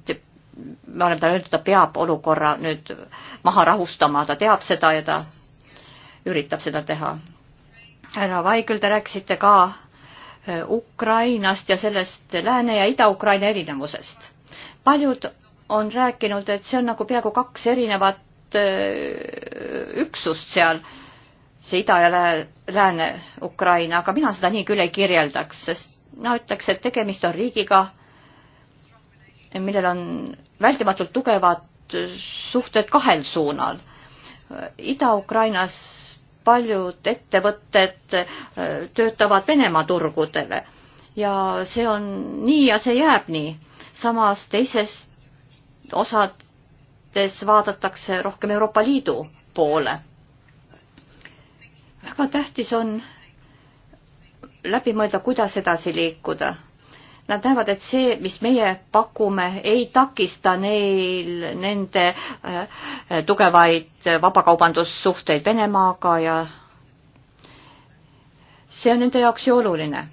me oleme talle öelnud, ta peab olukorra nüüd maha rahustama, ta teab seda ja ta üritab seda teha härra Vaigel, te rääkisite ka äh, Ukrainast ja sellest Lääne- ja Ida-Ukraina erinevusest. paljud on rääkinud, et see on nagu peaaegu kaks erinevat äh, üksust seal, see Ida- ja Lääne-Ukraina, aga mina seda nii küll ei kirjeldaks, sest mina ütleks, et tegemist on riigiga, millel on vältimatult tugevad äh, suhted kahel suunal. Ida-Ukrainas paljud ettevõtted äh, töötavad Venemaa turgudele ja see on nii ja see jääb nii. samas teises osades vaadatakse rohkem Euroopa Liidu poole. väga tähtis on läbi mõelda, kuidas edasi liikuda Nad näevad, et see, mis meie pakume, ei takista neil nende äh, tugevaid vabakaubandussuhteid Venemaaga ja see on nende jaoks ju oluline.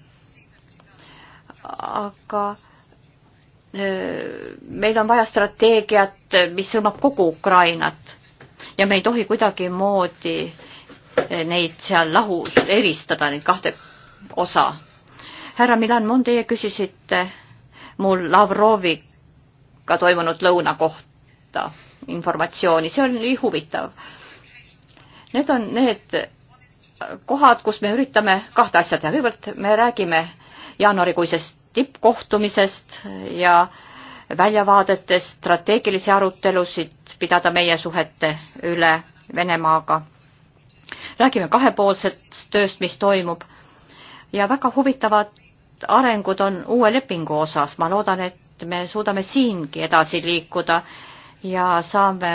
aga äh, meil on vaja strateegiat, mis hõlmab kogu Ukrainat ja me ei tohi kuidagimoodi äh, neid seal lahus eristada, neid kahte osa härra Milan Mon, teie küsisite mul Lavroviga toimunud lõuna kohta informatsiooni, see oli huvitav. Need on need kohad, kus me üritame kahte asja teha, kõigepealt me räägime jaanuarikuisest tippkohtumisest ja väljavaadetest, strateegilisi arutelusid pidada meie suhete üle Venemaaga. räägime kahepoolsest tööst, mis toimub ja väga huvitavad arengud on uue lepingu osas, ma loodan, et me suudame siingi edasi liikuda ja saame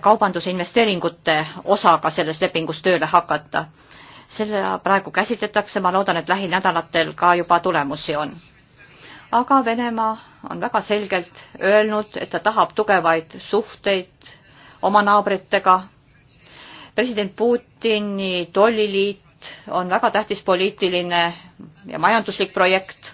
kaubanduse investeeringute osaga selles lepingus tööle hakata. selle praegu käsitletakse, ma loodan, et lähinädalatel ka juba tulemusi on. aga Venemaa on väga selgelt öelnud, et ta tahab tugevaid suhteid oma naabritega. president Putini tolliliit on väga tähtis poliitiline ja majanduslik projekt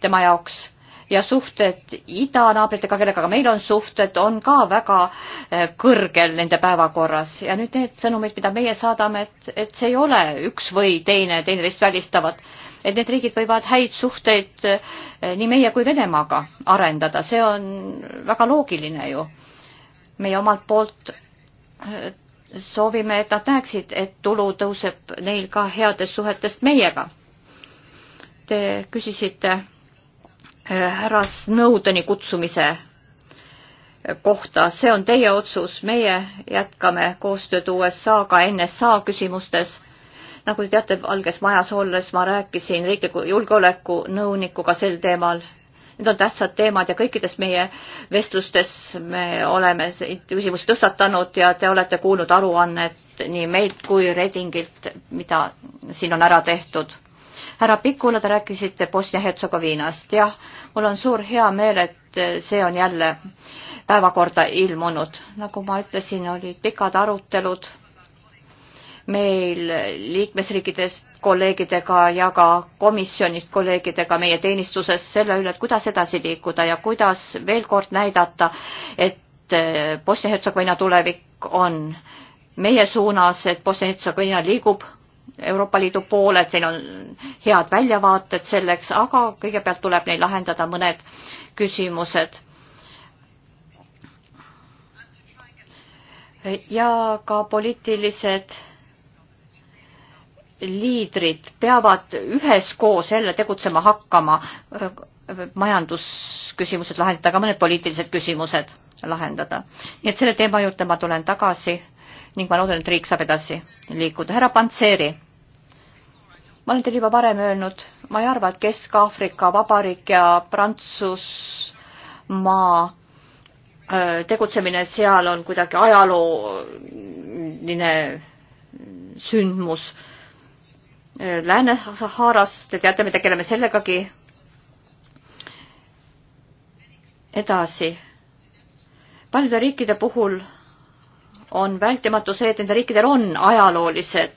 tema jaoks ja suhted idanaabritega, kellega ka meil on suhted, on ka väga eh, kõrgel nende päevakorras ja nüüd need sõnumid, mida meie saadame, et, et see ei ole üks või teine teineteist välistavad, et need riigid võivad häid suhteid eh, nii meie kui Venemaaga arendada, see on väga loogiline ju. meie omalt poolt eh, soovime, et nad näeksid, et tulu tõuseb neil ka headest suhetest meiega. Te küsisite äh, härra Snowdeni kutsumise kohta, see on teie otsus, meie jätkame koostööd USA-ga NSA küsimustes. nagu te teate, Valges Majas olles ma rääkisin riikliku julgeolekunõunikuga sel teemal Need on tähtsad teemad ja kõikides meie vestlustes me oleme neid küsimusi tõstatanud ja te olete kuulnud aruannet nii meilt kui Redingilt, mida siin on ära tehtud. härra Pikula, te rääkisite Bosnia-Hertsegoviinast. jah, mul on suur hea meel, et see on jälle päevakorda ilmunud. nagu ma ütlesin, olid pikad arutelud meil liikmesriikidest kolleegidega ja ka komisjonist kolleegidega meie teenistuses selle üle, et kuidas edasi liikuda ja kuidas veel kord näidata, et eh, Bosnia-Hertsegoviina tulevik on meie suunas, et Bosnia-Hertsegoviina liigub Euroopa Liidu poole, et neil on head väljavaated selleks, aga kõigepealt tuleb neil lahendada mõned küsimused. ja ka poliitilised liidrid peavad üheskoos jälle tegutsema hakkama, majandusküsimused lahendada, ka mõned poliitilised küsimused lahendada. nii et selle teema juurde ma tulen tagasi ning ma loodan, et riik saab edasi liikuda. härra Pantseri, ma olen teile juba varem öelnud, ma ei arva, et Kesk-Aafrika Vabariik ja Prantsusmaa tegutsemine seal on kuidagi ajalooline sündmus Lääne-Saharas, te teate, me tegeleme sellegagi. edasi. paljude riikide puhul on vältimatu see, et nendel riikidel on ajaloolised,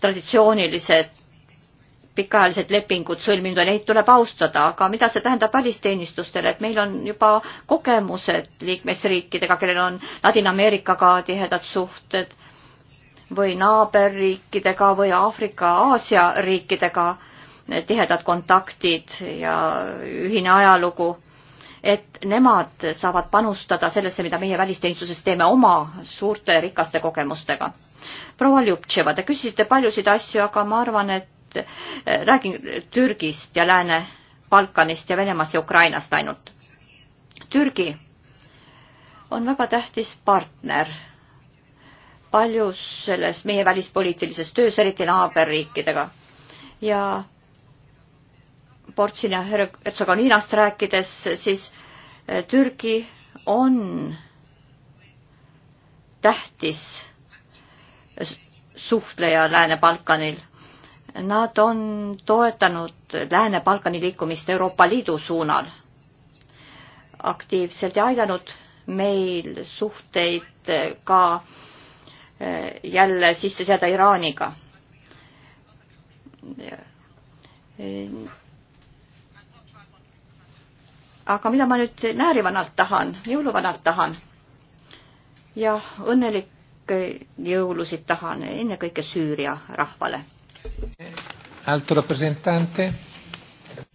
traditsioonilised, pikaajalised lepingud sõlminud ja neid tuleb austada, aga mida see tähendab välisteenistustele, et meil on juba kogemused liikmesriikidega, kellel on Ladina-Ameerikaga tihedad suhted või naaberriikidega või Aafrika, Aasia riikidega tihedad kontaktid ja ühine ajalugu, et nemad saavad panustada sellesse, mida meie välisteenistuses teeme oma suurte ja rikaste kogemustega. proua Ljubtševa, te küsisite paljusid asju, aga ma arvan, et eh, räägin Türgist ja Lääne-Balkanist ja Venemaast ja Ukrainast ainult. Türgi on väga tähtis partner palju selles meie välispoliitilises töös, eriti naaberriikidega. ja Portsin ja Hertsegoninast rääkides, siis eh, Türgi on tähtis suhtleja Lääne-Balkanil. Nad on toetanud Lääne-Balkani liikumist Euroopa Liidu suunal aktiivselt ja aidanud meil suhteid ka äh, Eh, jälle sisse seada Iraaniga. Eh, aga mida ma nüüd näärivanalt tahan, jõuluvanalt tahan? jah, õnnelikke jõulusid tahan ennekõike Süüria rahvale.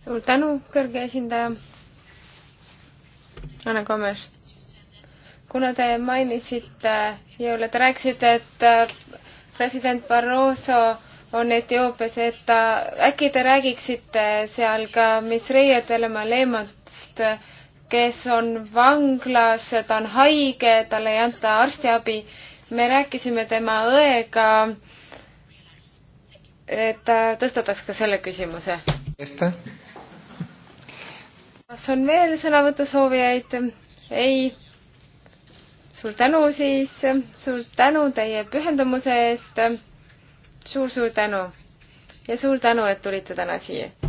suur tänu, kõrge esindaja Anne Komes kuna te mainisite, Jõule, te rääkisite, et äh, president Barroso on Etioopias, et ta, äkki te räägiksite seal ka Misreie Telemalemmast, kes on vanglas, ta on haige, talle ei anta arstiabi. me rääkisime tema õega, et ta tõstataks ka selle küsimuse. kes ta? kas on veel sõnavõtusoovijaid? ei suur tänu siis, suur tänu teie pühendumuse eest suur,. suur-suur tänu ja suur tänu, et tulite täna siia